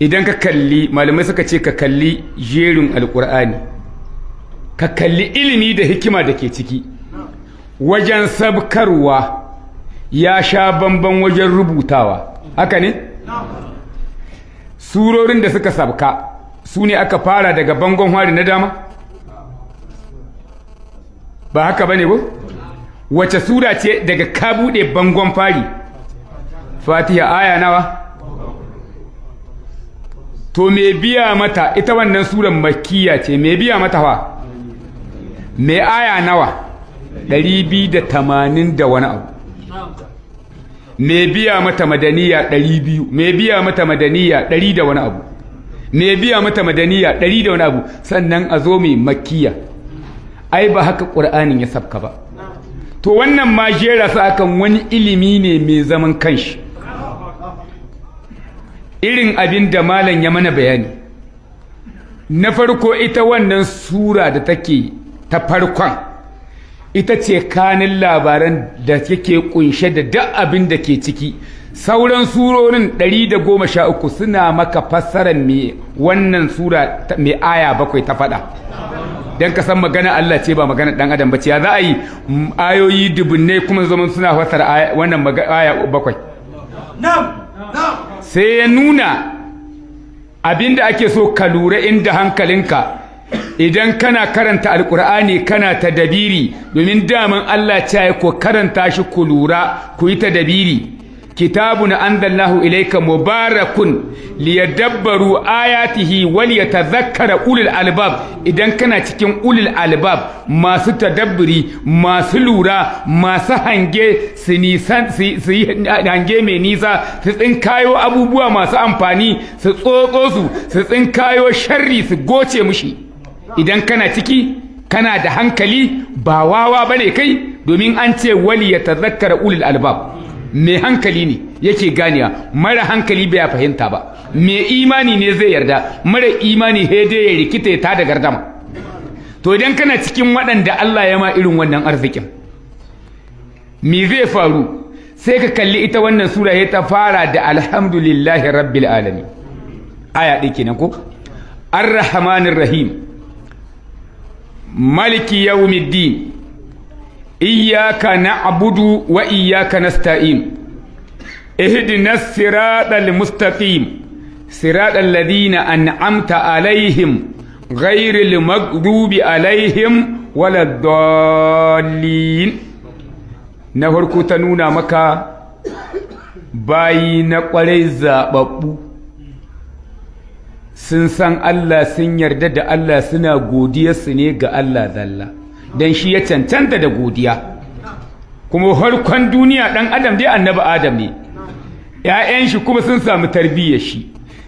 idan ka kalli malamai suka ce ka kalli jerin alkur'ani ka kalli ilimi da hikima da ke ciki wajen sabkarwa ya sha bamban wajen rubutawa haka ne surorin da suka sabka su ne aka fara daga bangon hari na dama ba haka ba ne ba wace sura ce daga ka bude bangon fari fatiha aya nawa to me biya mata ita wannan suran makiya ce me biya mata wa me aya nawa ɗari biyu da tamanin da wani abu me biya mata madaniya ɗari biyu me biya mata madaniya ɗari da wani abu ne biya mata madaniya ɗari da wani abu sannan a zo mai makiya ai ba haka ƙur'anin ya sabka ba to wannan ma jera su akan wani ilimi ne mai zaman kanshi irin abin da malam ya mana bayani na farko ita wannan sura da take ta farkon ita ce kanin labaran da yake kunshe da duk abin da ke ciki sauran surorin 113 suna maka fassarar me wannan sura mai aya bakwai ta faɗa don ka san magana Allah ce ba magana ɗan adam ba ce ya za a yi mm, ayoyi dubunne kuma zaman suna fassar wannan aya bakwai sai ya nuna abinda ake so ka lura inda hankalinka idan kana karanta alkur'ani kana ta dabiri domin daman Allah ce ko karanta shi ku lura ku yi ta dabiri. kitabun anzalnahu ilayka mubarakun liyadabbaru ayatihi wal yatadhakkara ulul albab idan kana cikin ulul albab masu tadabburi masu lura masu hange mai nisa su tsinkayo abubuwa masu amfani su tsotso su su tsinkayo sharri su goce mushi idan kana ciki kana da hankali ba wawa bane kai domin an ce wali ya tazakkara ulul albab mai hankali ne yake ganewa mara hankali bai fahimta ba mai imani ne zai yarda mara imani hede ya rikita ya tada gardama to idan kana cikin waɗanda Allah ya ma irin wannan arzikin me zai faru sai ka kalli ita wannan sura ya ta fara da alhamdulillahi rabbil alami aya ɗin kenan ko arrahmanir rahim maliki yawmiddin iyyaka abudu wa iyyaka nasta'in na siratal mustaqim siratal ladina an'amta alaihim gairil magdubi alaihim dolin. na farko ta nuna maka bayi na kwarai zaɓaɓɓu. sun san Allah sun yarda da Allah suna godiyarsu ne ga Allah zalla don shi ya cancanta da godiya kuma harkon duniya ɗan adam dai annabi adam ne ‘ya'yan shi kuma sun samu tarbiyyar shi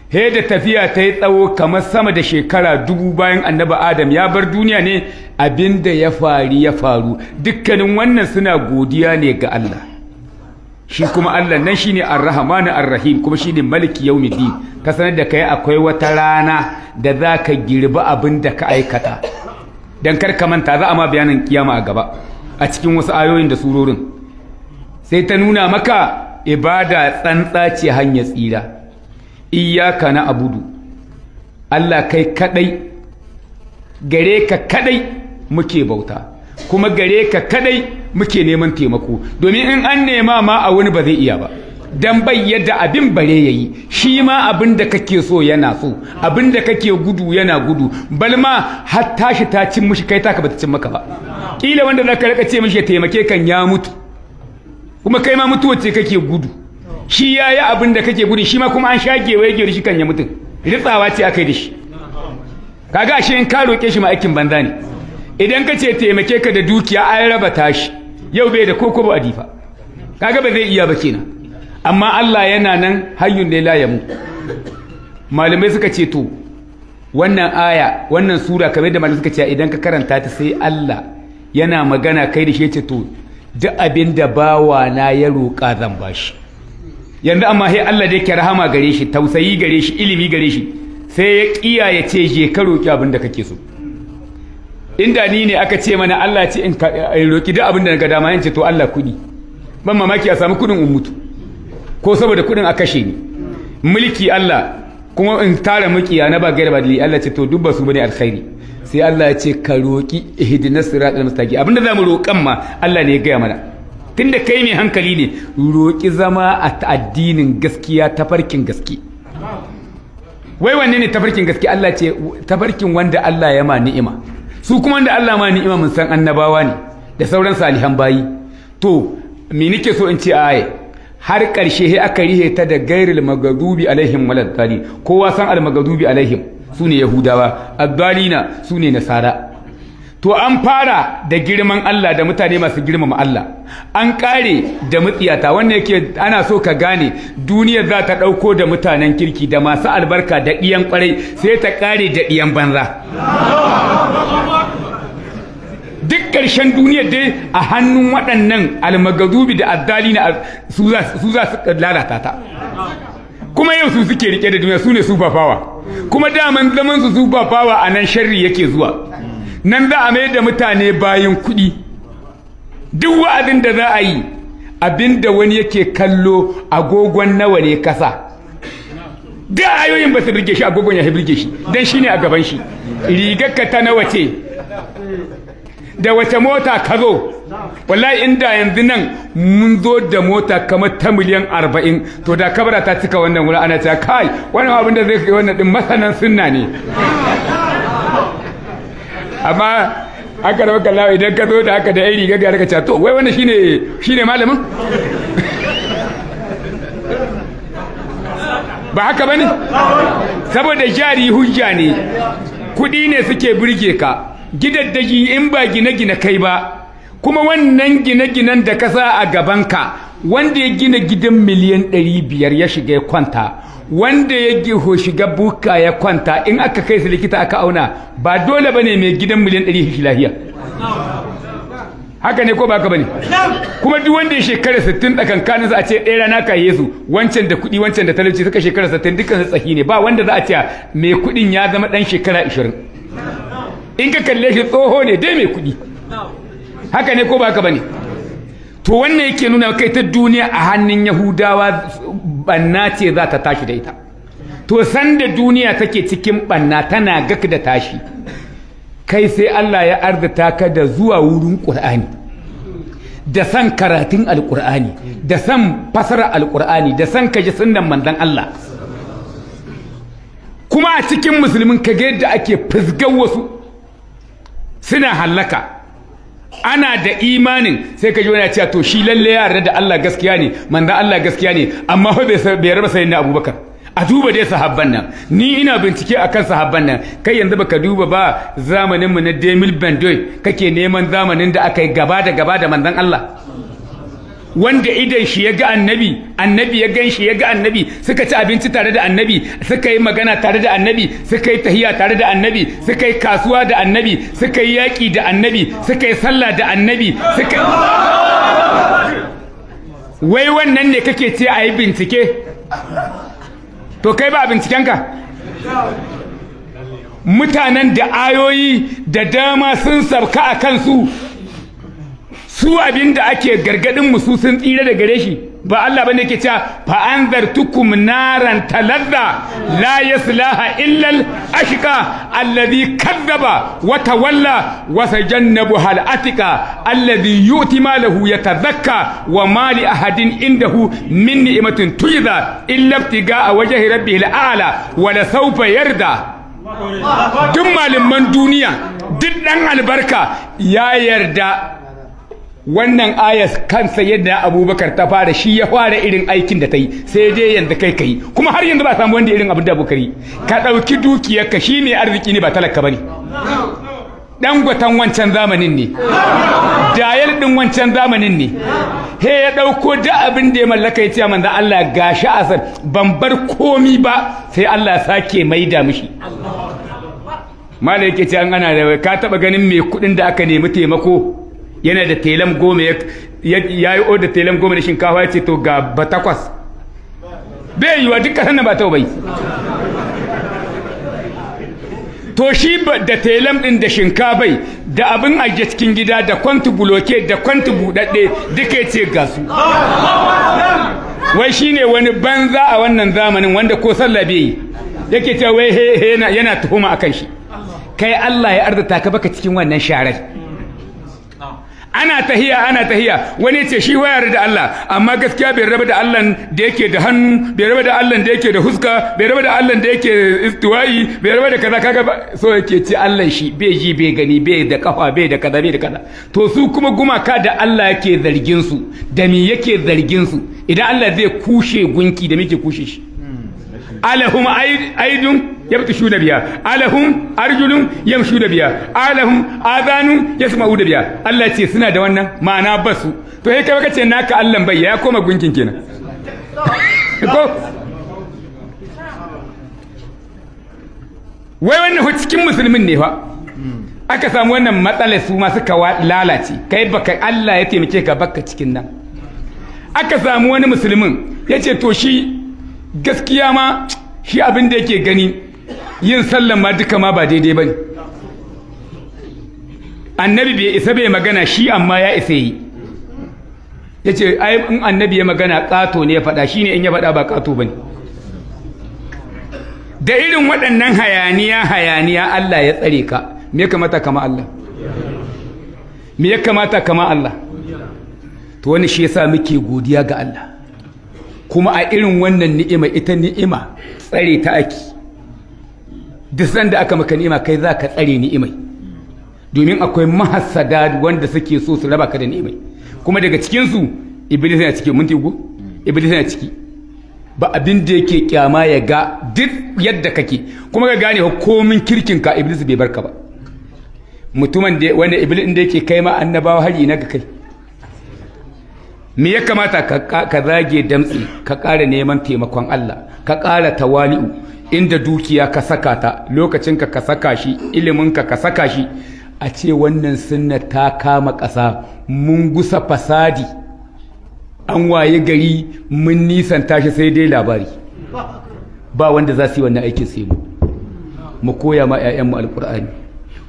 he da tafiya ta yi tsawo kamar sama da shekara dubu bayan annabi adam ya bar duniya ne abin da ya fari ya faru dukkanin wannan suna godiya ne ga Allah shi kuma Allah nan shine ar-rahmanu ar-rahim kuma shine maliki yawmiddin ka sanar da kai akwai wata rana da zaka girbi abin da ka aikata dan kar ka manta za a ma bayanin kiyama a gaba a cikin wasu ayoyin da surorin sai ta nuna maka ibada tsantsa ce hanyar tsira iyaka na abudu Allah kai kadai gare ka kadai muke bauta kuma gare ka kadai muke neman taimako domin in an nema ma a wani ba zai iya ba dan bai yadda abin bare yayi shi ma abin da kake so yana so abin da kake gudu yana gudu balma har shi ta cin mushi kai taka bata cin maka ba kila wanda zaka raka ce mishi ya taimake kan ya mutu kuma kai ma mutuwa ce kake gudu shi yayi abin da kake gudu shi ma kuma an shage waye gero shi kan ya mutu ritsawa ce akai da shi kaga ashe in ka roke shi ma aikin banza ne idan ka ce taimake ka da dukiya an raba tashi yau bai da koko ba adifa kaga ba zai iya ba kenan amma Allah yana nan hayyun da ya mu malamai suka ce to wannan aya wannan sura kamar da malamai suka ce idan ka karanta ta sai Allah yana magana kai da shi ce to duk abin da bawa na ya roƙa zan bashi yanzu amma sai Allah da yake rahama gare shi tausayi gare shi ilimi gare shi sai ya kiya ce je ka roƙi abin da kake so inda ni ne aka ce mana Allah ce in roƙi duk abin da na ga dama yance ce to Allah kuɗi ban mamaki a samu kuɗin in mutu ko saboda kuɗin a kashe ni mulki Allah kuma in tara mukiya na ba gaira ba dalili Allah ce to dubba su bane alkhairi sai Allah ya ce ka roki ihdinas siratal mustaqi abinda zamu roƙan ma Allah ne ya gaya mana tunda kai mai hankali ne roki zama a addinin gaskiya tafarkin gaske wai wanne ne tafarkin gaske Allah ce tafarkin wanda Allah ya ma ni'ima su kuma wanda Allah ma ni'ima mun san annabawa ne da sauran salihan bayi to me nake so in ce a har ƙarshe he aka rihe ta da gairil magadubi alaihim waladdali kowa san almagadubi alaihim su ne yahudawa addalina su ne nasara to an fara da girman Allah da mutane masu girmama Allah an kare da mutsiyata wanda yake ana so ka gane duniya za ta dauko da mutanen kirki da masu albarka da ɗiyan kwarai sai ta kare da ɗiyan banza ƙarshen duniya dai a hannun waɗannan almagazubi da addali na su za su lalata ta kuma yau su suke rike da duniya su ne su kuma daman zaman su su a nan sharri yake zuwa nan za a mai da mutane bayan kuɗi duk wa'adin da za a yi abin da wani yake kallo agogon nawa ne kasa da ayoyin ba su birge shi agogon ya birge shi don shi ne a gaban shi rigar ka ta nawa ce da wace mota ka zo wallahi inda yanzu nan mun zo da mota kamar ta miliyan arba'in to da kabara ta cika wannan wula ana cewa kai wani abin da zai kai wannan din masanan sunna ne amma aka maka lawa idan ka zo da haka da iri riga daga ka to wai wannan shine shine malamin ba haka bane saboda jari hujja ne kudi ne suke burge ka gidaddaji in ba gine-gine kai ba kuma wannan gine-ginen da ka sa a gabanka wanda ya gina gidan miliyan ɗari biyar ya shiga ya kwanta wanda ya giho shiga buka ya kwanta in aka kai su likita aka auna ba dole ba ne mai gidan miliyan ɗari shi lahiya haka ne ko ba ka ba ne. kuma duk wanda ya shekara 60 tsakankanin a ce ɗaya rana yi su wancan da kuɗi wancan da talauci suka shekara 60 dukkan su tsaki ne ba wanda za a ce mai kuɗin ya zama ɗan shekara 20 in ka kalle shi tsoho ne dai mai kuɗi haka ne ko ba haka bane to wannan yake nuna kai ta duniya a hannun yahudawa banna ce za ta tashi da ita to san da duniya take cikin banna tana gak da tashi kai sai Allah ya arzata ka da zuwa wurin Qur'ani da san karatun alqur'ani da san fasara alqur'ani da san kaji sunnan manzon Allah kuma a cikin musulmin kage yadda ake fusgar wasu suna hallaka ana da imanin sai ka ji wani cewa to shi lalle ya da Allah gaskiya ne manzo Allah gaskiya ne amma fa bai raba sai na Abubakar a duba dai sahabban nan ni ina bincike akan sahabban nan kai yanzu baka duba ba zamanin mu na Demil Bandoy kake neman zamanin da aka yi gaba da gaba da manzon Allah wanda idan shi ya ga annabi annabi ya gan shi ya ga annabi suka ci abinci tare da annabi suka yi magana tare da annabi suka yi tahiya tare da annabi suka yi kasuwa da annabi suka yi yaƙi da annabi suka yi sallah da annabi suka wai wannan ne kake ce a yi bincike to kai ba bincikenka mutanen da ayoyi da dama sun sabka a kansu su abin da ake gargadin musu sun tsira da gare shi ba Allah bane yake cewa fa anzartukum naran talazza la yaslaha illa al ashqa alladhi kadzaba wa tawalla wa sajannabuha al atika alladhi yu'ti malahu yatazakka wa mali ahadin indahu min ni'matin tujza illa ibtigaa wajhi rabbihil a'la wa la sawfa yarda duk malaman duniya duk dan albarka ya yarda wannan ayas kansa yadda abubakar ta fara shi ya fara irin aikin da ta yi sai dai yanzu kai kai kuma har yanzu ba samu wanda irin abin da abubakar ka ɗauki ka shi ne arziki ne ba talaka ba ne gwatan wancan zamanin ne dayal ɗin wancan zamanin ne he ya ɗauko da abin da ya mallaka ya ce manzo Allah gashi asar ban bar komi ba sai Allah sake maida mishi malai yake ce an ana da ka taba ganin mai kuɗin da aka nemi taimako yana da telam goma ya yi da telam goma da shinkafa ya ce to ga batakwas bai wa duk ƙasar na ba tau bai to shi da telam din da shinkafai da abin ajiye cikin gida da kwantu buloke da kwantu buɗaɗɗe duka ce ga su wai shine wani banza a wannan zamanin wanda ko sallah bai yi yake cewa wai yana tuhuma akan shi kai Allah ya arzata ka baka cikin wannan sharar ana tahiya ana tahiya wani ce shi waya da Allah amma gaskiya bai raba da Allah da yake da hannu bai raba da Allah da yake da huska bai raba da Allah da yake istiwayi bai raba da kaza kaga so yake ce Allah shi bai ji bai gani bai da kafa bai da kaza bai da kaza to su kuma gumaka da Allah yake zargin su da me yake zargin su idan Allah zai kushe gunki da muke kushe shi hmm. alahum aidun yabtishuna biya alahum arjulun yamshuna biya alahum azanun yasma'una biya Allah ce suna da wannan ma'ana basu to sai kai kace naka Allah bai ya koma gunkin kenan ko wai wannan cikin musulmin ne fa aka samu wannan matsalar su ma suka lalace kai baka Allah ya taimake ka baka cikin nan aka samu wani musulmin ya ce to shi gaskiya ma shi abin da yake gani yin sallan ma duka ma ba daidai ba ne. annabi bai isa bai magana shi amma ya isa yi ya ce ai in annabi ya magana ƙato ne ya faɗa shi ne in ya faɗa ba ƙato ba ne da irin waɗannan hayaniya hayaniya Allah ya tsare ka me ya kamata kama Allah me ya kamata kama Allah to wani shi yasa muke godiya ga Allah kuma a irin wannan ni'ima ita ni'ima tsare ta ake duk sanda aka maka ni'ima kai za ka tsare ni'imai domin akwai mahasada wanda suke so su raba ka da ni'imai kuma daga cikinsu iblis yana ciki mun tigo iblis yana ciki ba abin da yake kyama ya ga duk yadda kake kuma ka gane komin kirkin ka iblis bai barka ba mutumin da wanda iblis da yake kai ma annabawa hari na ga kai me ya kamata ka zage damtsi ka ƙara neman taimakon Allah ka ƙara tawali'u inda dukiya ka saka ta lokacinka ka saka shi iliminka ka saka shi a ce wannan sunna ta kama ƙasa mun gusa fasadi an waye gari mun nisanta shi sai dai labari ba wanda za su yi wannan aikin sai mu mu koya ma 'ya'yanmu alkur'ani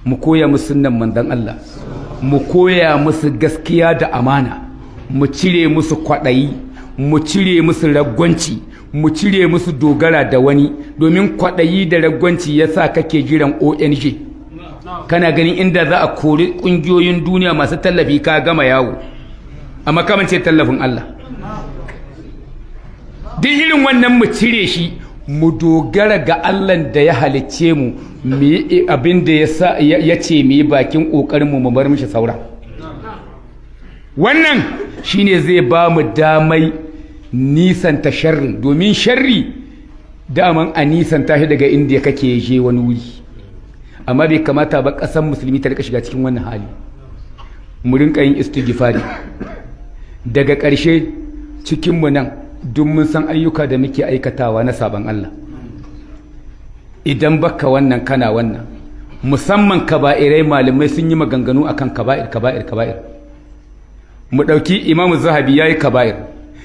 mu koya mu sunnan manzon Allah mu koya musu gaskiya da amana mu cire musu kwaɗayi mu cire musu ragwanci mu cire musu dogara da wani domin kwaɗayi da ragwanci ya sa kake jiran ONG kana ganin inda za a kori ƙungiyoyin duniya masu tallafi ka gama yawo a makamance tallafin Allah duk irin wannan mu cire shi mu dogara ga Allah da ya halicce mu abin da ya ce mu yi bakin ƙoƙarinmu mu mu bar mishi saura wannan shine zai ba mu damai nisanta sharri domin sharri daman a nisanta shi daga inda kake je wani wuri amma bai kamata ba ƙasar musulmi ta rika shiga cikin wannan hali mu rinka yin istighfari daga ƙarshe cikinmu nan duk mun san ayyuka da muke aikatawa na sabon Allah idan baka wannan kana wannan musamman kaba'irai malamai sun yi maganganu akan kaba'ir kaba'ir kaba'ir mu ɗauki imamu zahabi ya yi kaba'ir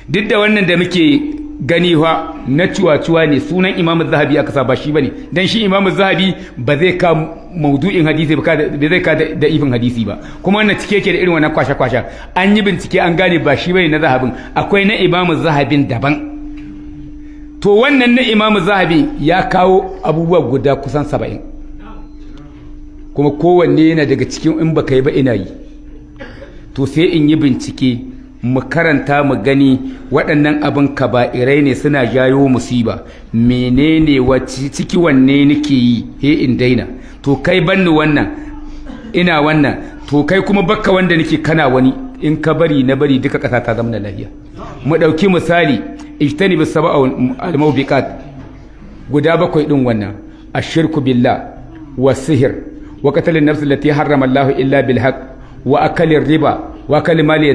duk da wannan da muke gani fa na cuwa-cuwa ne sunan imam zahabi aka sa ba shi bane dan shi imam zahabi ba zai ka maudu'in hadisi ba zai ka da ifin hadisi ba kuma wannan cike yake da irin wannan kwasha-kwasha an yi bincike an gane ba shi bane na zahabin akwai na imam zahabin daban to wannan na imam zahabi ya kawo abubuwa guda kusan saba'in kuma kowanne yana daga cikin in baka yi ba ina yi to sai in yi bincike mu karanta mu gani waɗannan abin kaba'irai ne suna jayo musiba menene wacce ciki wanne nake yi he in daina to kai banni wannan ina wannan to kai kuma bakka wanda nake kana wani in ka bari na bari duka ƙasa ta zama lafiya mu ɗauki misali ijtani bi sab'a al-mawbiqat guda bakwai din wannan ashirku billah wa sihir wa qatlin nafs allati harrama allahu illa bil haqq wa akalir riba wa kalimali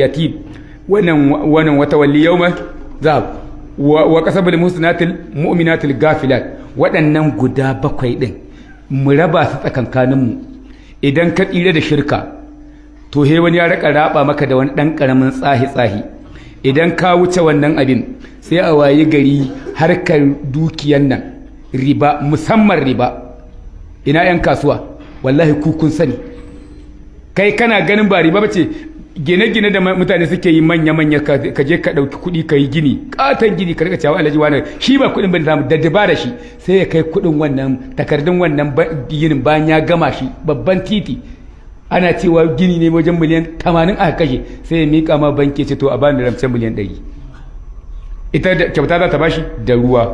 yatim wannan wannan wata walli yauma za wa qasabul musnatil mu'minatil gafilat waɗannan guda bakwai din mu raba su tsakankanin mu idan ka tsira da shirka to he wani ya raka raba maka da wani dan karamin tsahi tsahi idan ka wuce wannan abin sai a wayi gari harkar dukiyan nan riba musamman riba ina yan kasuwa wallahi ku kun sani kai kana ganin ba riba bace gine-gine da mutane suke yi manya-manya ka je ka ɗauki kuɗi ka yi gini ƙaton gini ka rika cewa alhaji wani shi ba kuɗin da zamu da dabara shi sai ya kai kuɗin wannan takardun wannan ginin bayan ya gama shi babban titi ana cewa gini ne wajen miliyan tamanin aka kashe sai ya miƙa ma banki ce to a bani ramcen miliyan ɗari ita kyauta za ta bashi da ruwa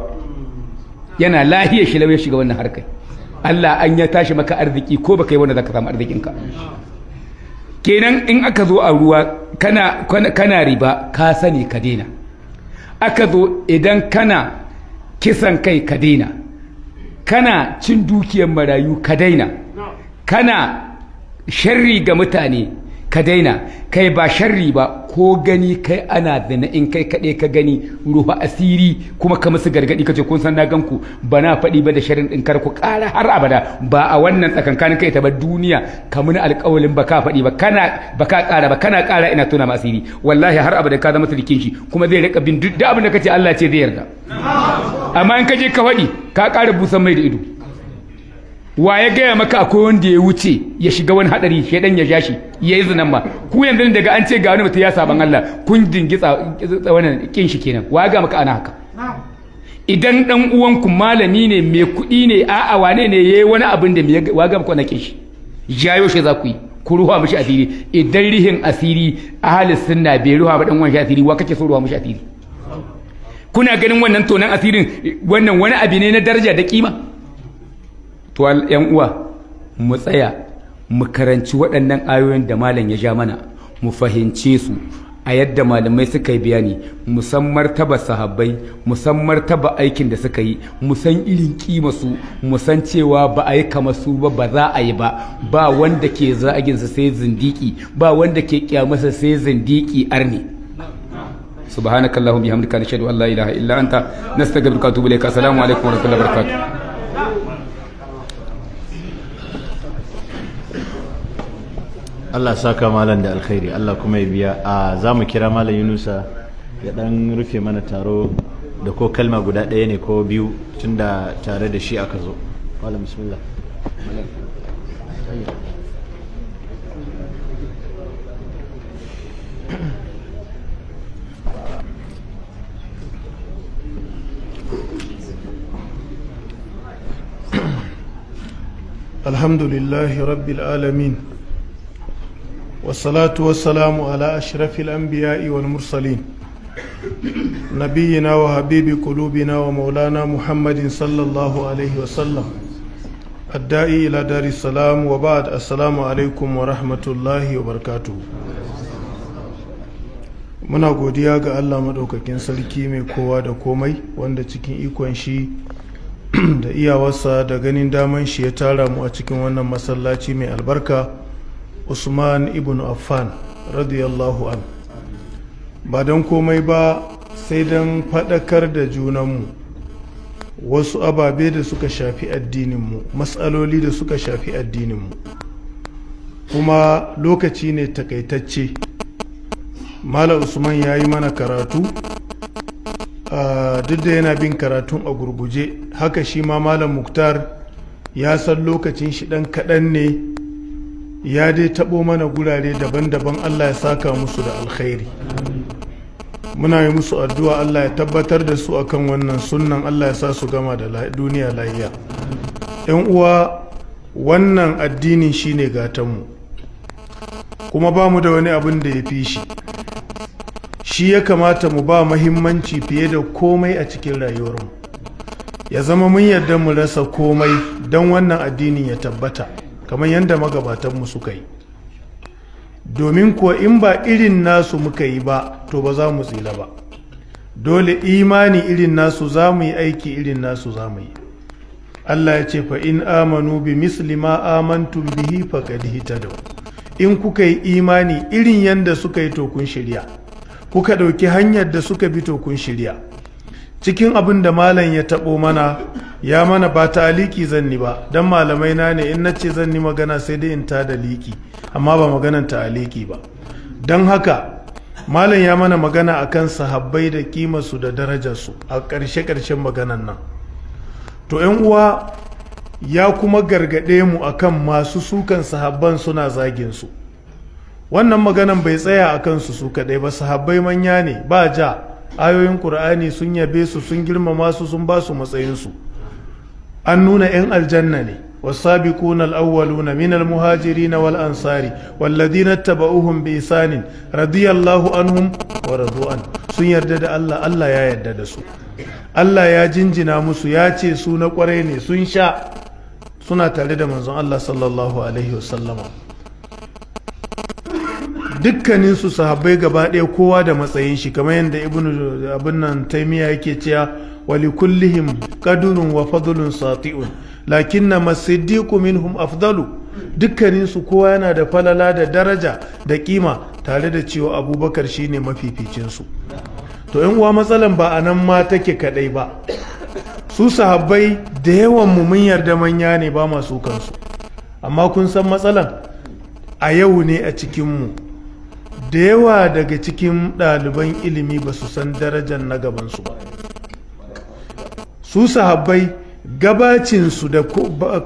yana lahiyar shi ya shiga wannan harkar Allah an ya tashi maka arziki ko baka yi wanda zaka samu arzikinka kenan in aka zo a ruwa kana, riba ka sani ka daina aka zo idan kana kisan kai ka daina kana cin dukiyar marayu ka daina kana sharri ga mutane ka daina kai ba sharri ba ko gani kai ana zina in kai kaɗe ka gani ruwa asiri kuma ka musu gargaɗi ka ce kun san na ganku ba na faɗi ba da sharrin ɗin kar ku ƙara har abada ba a wannan tsakankanin kai ta ba duniya ka muni alƙawalin ba ka faɗi ba kana ba ka ƙara ba kana ƙara ina tona ma asiri wallahi har abada ka zama sirikin shi kuma zai riƙa bin duk abin da ka ce Allah ce zai yarda amma in ka je ka faɗi ka ƙara busan mai da ido wa ya gaya maka akwai wanda ya wuce ya shiga wani hadari shaidan ya jashi ya yi zinan ma ku yanzu daga an ce ga wani mutum ya saban Allah kun dingi wannan kin shi kenan wa ga maka ana haka idan dan uwanku malami ne mai kuɗi ne a'a wane ne yayi wani abin da wa ga maka wannan kin shi jayo shi za ku yi ku ruwa mishi asiri idan rihin asiri ahli sunna bai ruwa ba dan uwan asiri wa kake so ruwa mishi asiri kuna ganin wannan tonan asirin wannan wani abu ne na daraja da kima to yan uwa mu tsaya mu karanci waɗannan ayoyin da malam ya ja mana mu fahimce su a yadda malamai suka yi bayani musan martaba sahabbai musan martaba aikin da suka yi musan irin kima su musan cewa ba a yi kamar su ba ba za a yi ba ba wanda ke su sai zindiki ba wanda ke kyamarsa sai zindiki arni subhanakallahumma bihamdika nashhadu an la ilaha illa anta nastaghfiruka wa atubu ilaik assalamu alaikum wa rahmatullahi wa barakatuh
Allah saka malam da alkhairi Allah kuma ya biya a za mu kira malam Yunusa ya dan rufe mana taro da ko kalma guda ɗaya ne ko biyu tunda tare da shi aka zo malam bismillah
الحمد لله رب العالمين والصلاة والسلام على أشرف الأنبياء والمرسلين نبينا Maulana قلوبنا ومولانا محمد صلى الله عليه وسلم dari إلى دار السلام وبعد السلام عليكم ورحمة الله وبركاته muna godiya ga allah maɗaukakin sarki mai kowa da komai wanda cikin ikon shi da iyawarsa da ganin daman shi ya tara mu a cikin wannan masallaci mai albarka usman ibn affan radiyallahu an ba don komai ba sai don faɗakar da junanmu wasu ababe da suka shafi addininmu matsaloli da suka shafi addininmu kuma lokaci ne takaitacce mala usman ya yi mana karatu duk da yana bin karatun a gurguje haka shi ma malam muktar ya san lokacin shi ɗan kaɗan ne ya dai taɓo mana gurare daban-daban Allah ya saka musu da alkhairi muna yi musu addu'a Allah ya tabbatar da su akan wannan sunnan Allah ya sa su gama da duniya lahiya ‘yan uwa wannan addini shine gatanmu kuma ba mu da wani abin da ya fi shi shi ya kamata mu ba mahimmanci fiye da komai a cikin rayuwarmu ya zama mun yarda mu rasa komai don wannan addinin ya tabbata kamar yadda magabatanmu suka yi domin kuwa in ba irin nasu muka yi ba to ba za mu tsira ba dole imani irin nasu za mu yi aiki irin nasu za mu yi Allah ya ce fa in amanu bi misli ma amantum bihi faqad hitadaw in kuka yi imani irin yadda suka yi tokun shirya kuka ɗauki hanyar da suka bi tokun shirya cikin abin da malam ya taɓo mana ya mana ba ta aliki zanni ba don malamai na ne in na ce yi magana sai dai in ta da liki amma ba maganan ta aliki ba don haka malam ya mana magana akan sahabbai da kimarsu da darajarsu a ƙarshe-ƙarshen maganan nan to yan uwa ya kuma gargaɗe mu akan masu sukan sahabban suna zagin su wannan maganan bai tsaya a kansu su kaɗai ba sahabbai manya ne ba ja ayoyin ƙur'ani sun yabe su sun girmama su sun ba su matsayinsu an nuna 'yan aljanna ne والسابقون الأولون من المهاجرين والأنصار والذين اتبعوهم بإحسان رضي الله عنهم ورضوا عنه sun yarda da Allah Allah ya yarda da su Allah ya jinjina musu ya ce su na kwarai ne sun sha suna tare da manzon Allah sallallahu alaihi wasallama dukkanin su sahabbai gaba ɗaya kowa da matsayin shi kamar yadda ibnu abin nan taimiya yake cewa ولكلهم قدر وفضل ساطع لكنما الصديق hum أفضل dukkaninsu kowa yana da falala da daraja da kima tare da cewa abubakar shine mafificinsu to yan uwa matsalan ba a nan ma take kadai ba su sahabbai da yawan mu mun yarda manya ne ba masu kansu amma kun san matsalan a yau ne a cikinmu da yawa daga cikin ɗaliban ilimi ba su san darajar na gabansu ba su sahabbai gabacinsu da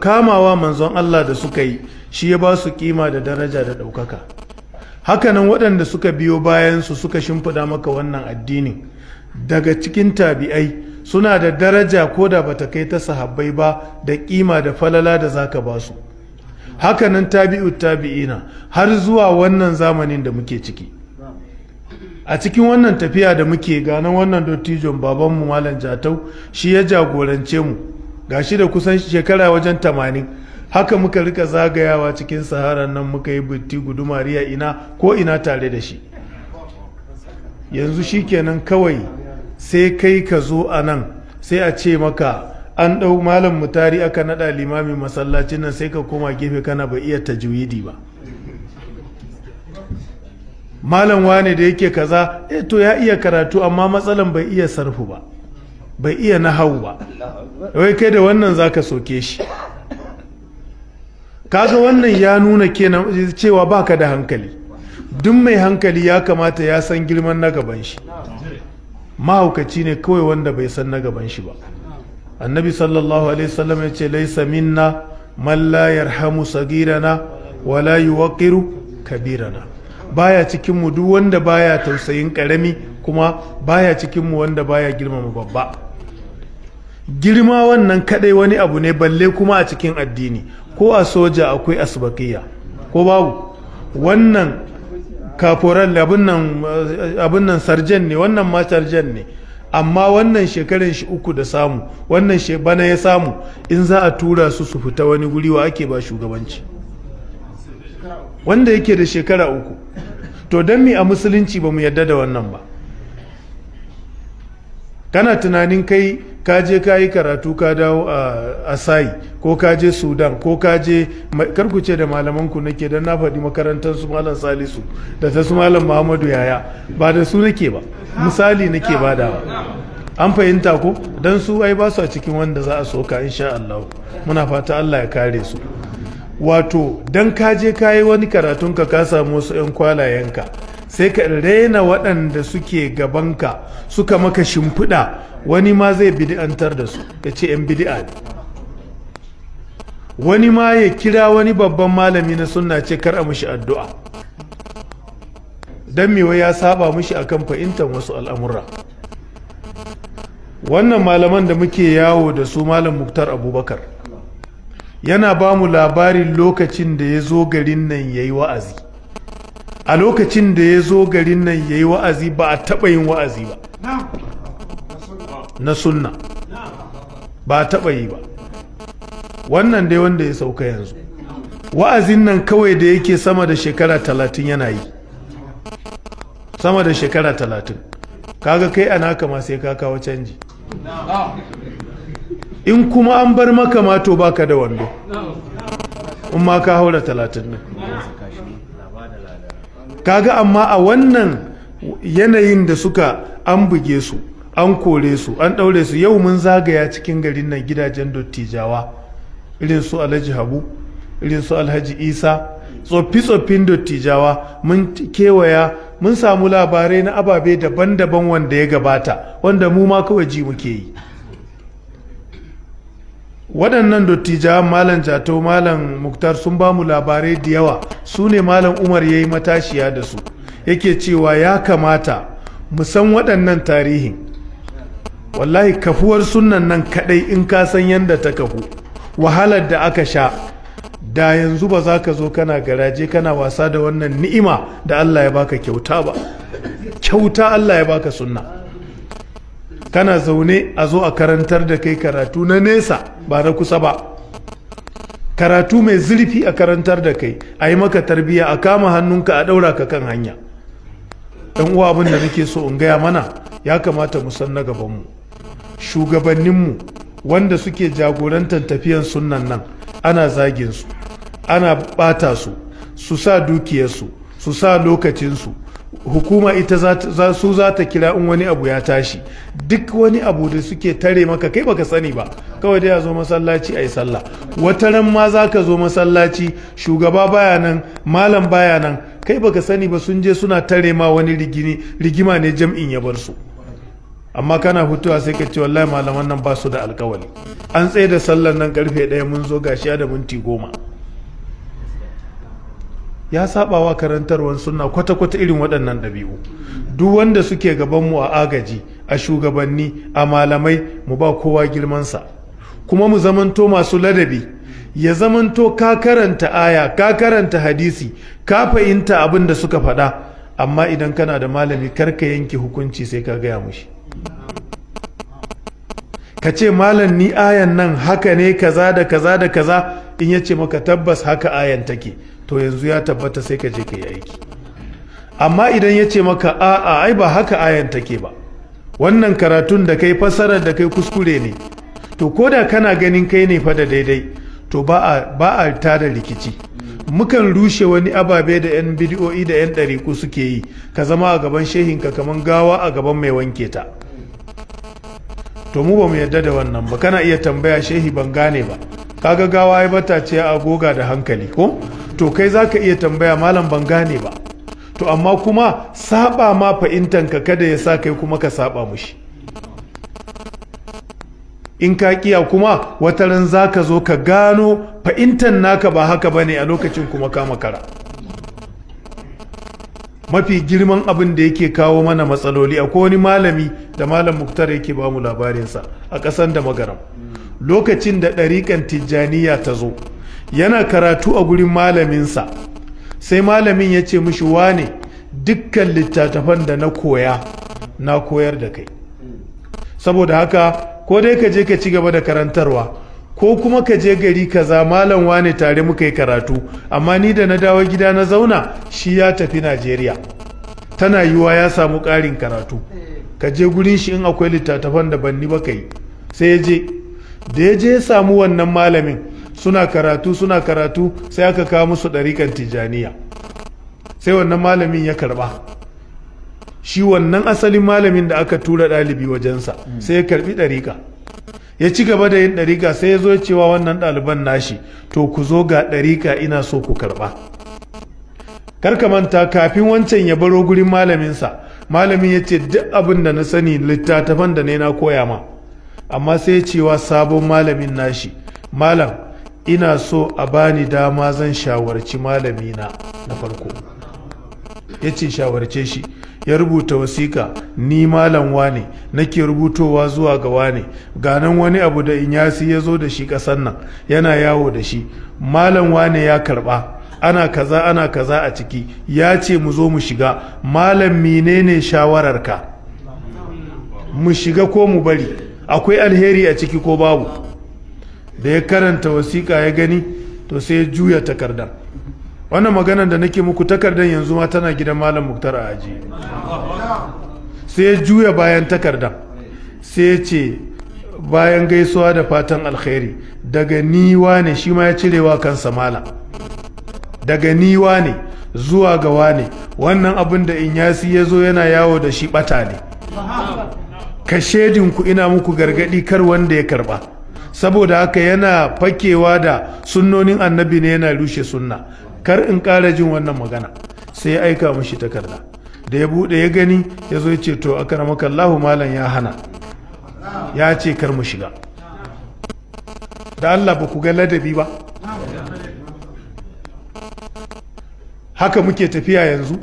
kamawa manzon Allah da suka yi shi ya ba su kima da daraja da ɗaukaka hakanan waɗanda suka biyo bayansu suka shimfiɗa maka wannan addinin daga cikin tabi'ai suna da daraja ko da bata kai ta sahabbai ba da kima da falala da zaka ba su hakanan tabi'u tabi'ina har zuwa wannan zamanin da muke ciki a cikin wannan tafiya da muke ganin wannan dottijon babanmu malam jatau shi ya jagorance mu gashi da kusan shekara wajen tamanin haka muka rika zagayawa cikin saharar nan muka yi bitti gudumariya ina ko ina tare da shi yanzu shi shikenan kawai sai kai ka zo a nan sai a ce maka an ɗau malam mutari aka naɗa limamin masallacin nan sai ka koma gefe kana ba iya tajwidi ba malam wane da yake kaza eh to ya iya karatu amma matsalan bai iya sarfu ba bai iya nahau ba wai kai da wannan zaka soke shi kaga wannan ya nuna kenan cewa baka da hankali duk mai hankali ya kamata ya san girman na gaban shi mahaukaci ne kawai wanda bai san na gaban shi ba annabi sallallahu alaihi wasallam ya ce laisa minna man la yarhamu sagirana wala yuwaqiru kabirana baya cikin mu duk wanda baya tausayin karami kuma baya cikin mu wanda baya girmama babba girma wannan kadai wani abu ne balle kuma a cikin addini ko a soja akwai asbakiya ko babu wannan kaforan abin nan sarjan ne wannan ma sarjan ne amma wannan shekaran shi uku da samu wannan bana ya samu in za a tura su su fita wani guri wa ake ba shugabanci wanda yake da shekara uku to don mi a musulunci ba mu yadda da wannan ba kana tunanin kai ka je ka yi karatu ka dawo a asai ko ka je sudan ko ka je karkuce da malamanku nake don na faɗi makarantar su malam salisu da ta su malam muhammadu yaya ba da su nake ba misali nake badawa an fahimta ko don su ai ba su a cikin wanda za a soka insha Allah muna fata Allah ya kare su wato don ka je ka yi wani karatun ka ka samu wasu 'yan kwalayenka sai ka raina waɗanda suke gabanka suka maka shimfiɗa wani ma zai bidi'antar da su ya ce 'yan bidi'a wani ma ya kira wani babban malami na sunna ce kar a mushi addu'a don mewa ya saba mushi akan fahimtar wasu al'amura wannan malaman da muke yawo da su malam muktar abubakar yana ba mu labarin lokacin da ya zo garin nan ya yi wa'azi a lokacin da ya zo garin nan ya yi wa'azi ba a taɓa yin wa'azi ba na sunna ba a taɓa yi ba wannan dai wanda ya sauka yanzu wa'azin nan kawai da yake sama da shekara talatin yana yi sama da shekara talatin kaga kai a naka ma sai ka kawo canji in kuma an bar maka mato ba baka da wando in ma ka haura talatin nan kaga amma a wannan yanayin da suka an buge su an kore su an ɗaure su yau mun zagaya cikin garin nan gidajen dottijawa irin su alhaji habu irin su alhaji isa tsoffi-tsoffin dottijawa mun kewaya mun samu labarai na ababe daban-daban wanda ya gabata wanda mu ma kawai ji muke yi waɗannan dottija malam jato malam muktar sun ba mu labarai da yawa su ne malam umar ya yi matashiya da su yake cewa ya kamata mu san waɗannan tarihin wallahi kafuwar sunan nan kaɗai in ka san yadda ta kafu wahalar da aka sha da yanzu ba za ka zo kana garaje kana wasa da wannan ni'ima da Allah ya baka kyauta ba kyauta Allah ya baka sunna kana zaune a zo a karantar da kai karatu na nesa ba na kusa ba karatu mai zurfi a karantar da kai a yi maka tarbiyya a kama hannunka a ɗaura ka kan hanya ɗan uwa abin da nake so in gaya mana ya kamata mu san na gabanmu shugabanninmu wanda suke jagorantar tafiyan sunnan nan ana zagin su ana ɓata su su sa dukiyarsu su sa lokacinsu hukuma ita su za ta kira in wani abu ya tashi duk wani abu da suke tare maka kai baka sani ba kawai dai a zo masallaci a yi sallah wata ran ma za ka zo masallaci shugaba baya nan malam baya nan kai baka sani ba sun je suna tare ma wani rigima ne jam'in ya bar su amma kana fitowa sai ka ce wallahi malaman nan ba su da alkawali an tsaye da sallar nan karfe ɗaya mun zo gashi da minti goma ya saba wa karantarwar suna kwata-kwata irin waɗannan ɗabi'u duk wanda suke gabanmu a agaji a shugabanni a malamai mu ba kowa girmansa kuma mu zamanto masu ladabi ya zamanto ka karanta aya ka karanta hadisi ka fahimta abin da suka faɗa amma idan kana da malami karka yanke hukunci sai ka gaya mushi ka ce malam ni ayan nan haka ne kaza da kaza da kaza in ya ce maka tabbas haka ayan take to yanzu ya tabbata sai ka je ka yi aiki amma idan ya ce maka a'a ai ba haka ayan take ba wannan karatun da kai fasarar da kai kuskure ne to ko da kana ganin kai ne fa da daidai to ba a tada rikici mukan rushe wani ababe da yan bidiyoyi da yan ɗariku suke yi ka zama a gaban shehinka kamar gawa a gaban mai wanke ta to mu ba mu yadda da wannan ba kana iya tambaya shehi ban gane ba kaga gawa ya bata ce a goga da hankali ko to kai za ka iya tambaya malam ban gane ba to amma kuma saba ma fa'intanka kada ya sa kai kuma ka saba mushi in ka kiya kuma wataran za ka zo ka gano fa'intan naka ba haka ba ne a lokacin kuma ka makara mafi girman abin da yake kawo mana matsaloli akwai wani malami da malam muktar yake ba mu labarinsa a ƙasan da magaram lokacin da ɗariƙan tijjaniya ta zo yana karatu a gurin malaminsa sai malamin ya ce mishi wane dukkan littattafan da na koya na koyar da kai saboda haka ko dai ka je ka ci gaba da karantarwa ko kuma ka je gari kaza malam wane tare muka yi karatu amma ni da na dawo gida na zauna shi ya tafi najeriya tana yiwa ya samu ƙarin karatu ka je gurin shi in akwai littattafan da banni ba ka yi sai ya je da ya je samu wannan malamin suna karatu suna karatu sai aka kawo musu ɗarikan tijaniya sai wannan malamin ya karba shi wannan asalin malamin da aka tura ɗalibi wajensa sai ya karɓi ɗarika ya ci gaba da yin ɗarika sai ya zo cewa wannan ɗaliban nashi to ku zo ga ɗarika ina so ku karɓa karka manta kafin wancan ya baro gurin malaminsa malamin ya ce duk abin da na sani littattafan da ne na koya ma amma sai cewa sabon malamin nashi malam ina so a bani dama zan shawarci malamina na farko ya ce shawarce shi ya rubuta wasiƙa ni malam wane nake rubutowa zuwa ga wane ganan wani abu da yasi ya zo da shi ƙasan nan yana yawo da shi malam wane ya karɓa ana kaza ana kaza a ciki ya ce mu zo mu shiga malam menene shawararka mu shiga ko mu bari akwai alheri a ciki ko babu da ya karanta wasiƙa ya gani to sai ya juya takardar wannan maganar da nake muku takardar yanzu ma tana gidan malam muktar a aji sai ya juya bayan takardar sai ce bayan gaisuwa da fatan alheri daga niwa ne shi ma ya cirewa kansa malam daga niwa ne zuwa gawa ne wannan abin da inyasi ya zo yana yawo da shi bata ne ka shedinku ina muku gargadi kar wanda ya karba saboda haka yana fakewa da sunnonin annabi ne yana rushe sunna kar in ƙara jin wannan magana sai ya aika mashi takarda da ya buɗe ya gani ya zo ya ce to akramaka Allahu malam ya hana ya ce kar mu shiga da Allah ba ku ga ladabi ba haka muke tafiya yanzu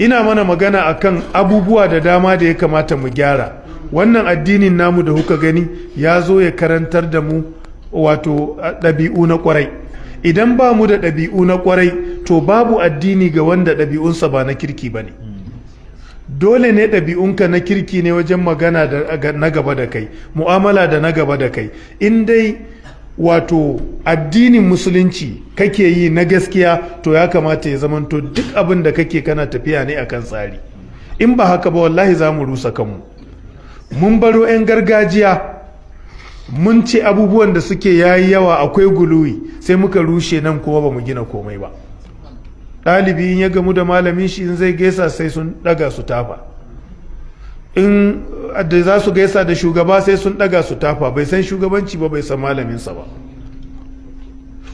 ina mana magana akan abubuwa da dama da ya kamata mu gyara wannan addinin namu da kuka gani ya zo ya karantar da mu wato ɗabi'u na kwarai idan ba mu da ɗabi'u na kwarai to babu addini ga wanda ɗabi'unsa ba na kirki ba ne dole ne ɗabi'unka na kirki ne wajen magana da na gaba da kai mu'amala da na gaba da kai in dai wato addinin musulunci kake yi na gaskiya to ya kamata ya zamanto duk abin da kake kana tafiya ne akan tsari in ba haka ba wallahi za mu rusa kanmu mun baro 'yan gargajiya mun ce abubuwan da suke yayi yawa akwai guluwi sai muka rushe nan kuma ba mu gina komai ba ɗalibi in ya gamu da malamin shi in zai gaisa sai sun ɗaga su tafa in da za su gaisa da shugaba sai sun ɗaga su tafa bai san shugabanci ba bai san malaminsa ba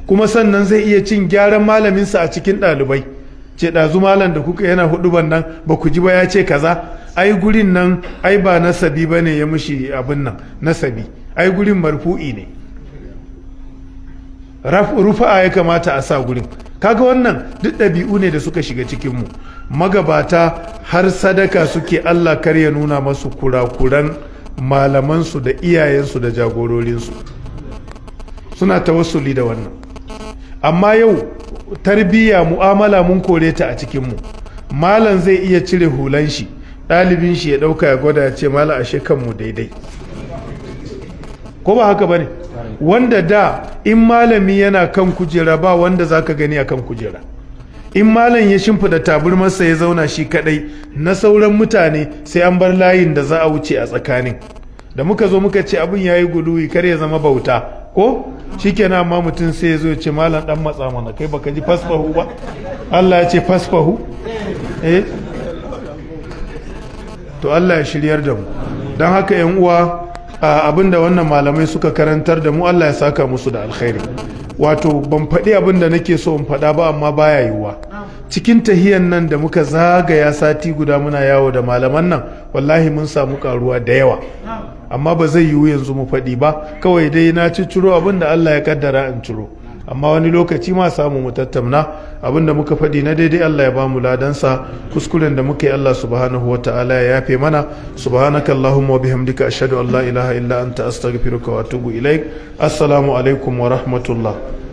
kuma sannan zai iya cin gyaran malaminsa a cikin ɗalibai ce ɗazu malam da kuka yana ban nan ba ku ji ba ya ce kaza ai gurin nan ai ba nasabi ba ne ya mushi abin nan nasabi ai gurin marfu'i ne rufa'a ya kamata a sa gurin kaga wannan duk ɗabi'u ne da suka shiga cikin mu magabata har sadaka suke Allah kar ya nuna masu kurakuran malamansu da iyayensu da jagororinsu suna tawassuli da wannan amma yau tarbiyya mu'amala mun kore ta a cikinmu malam zai iya cire hulan shi ɗalibin shi ya ɗauka ya gwada ya ce mala ashe kanmu daidai ko ba haka ba ne wanda da in malami yana kan kujera ba wanda za ka gani a kan kujera in malam ya shimfida taburmarsa ya zauna shi kadai na sauran mutane sai an bar layin da za a wuce a tsakanin da muka zo muka ce abin yayi guduwi kar ya zama bauta ko shikenan amma mutum sai ya zo ya ce malam dan matsa mana kai baka ji fasfahu ba Allah ya ce fasfahu eh to Allah ya shiryar da mu don haka yan uwa abinda wannan malamai suka karantar da mu Allah ya saka musu da alkhairi wato ban faɗi abin da nake so in faɗa ba amma baya yiwuwa cikin tahiyan nan da muka zagaya sati guda muna yawo da malaman nan wallahi mun samu karuwa da yawa amma ba zai yiwu yanzu mu faɗi ba kawai dai na ci ciro abin da Allah ya kaddara in ciro amma wani lokaci ma samu mu tattauna abinda muka faɗi na daidai Allah ya bamu ladansa kuskuren da muka yi Allah subhanahu wa ta'ala ya yafe mana subhanaka allahumma wa bihamdika ashhadu an la ilaha illa anta astaghfiruka wa atubu ilaik assalamu alaikum wa rahmatullah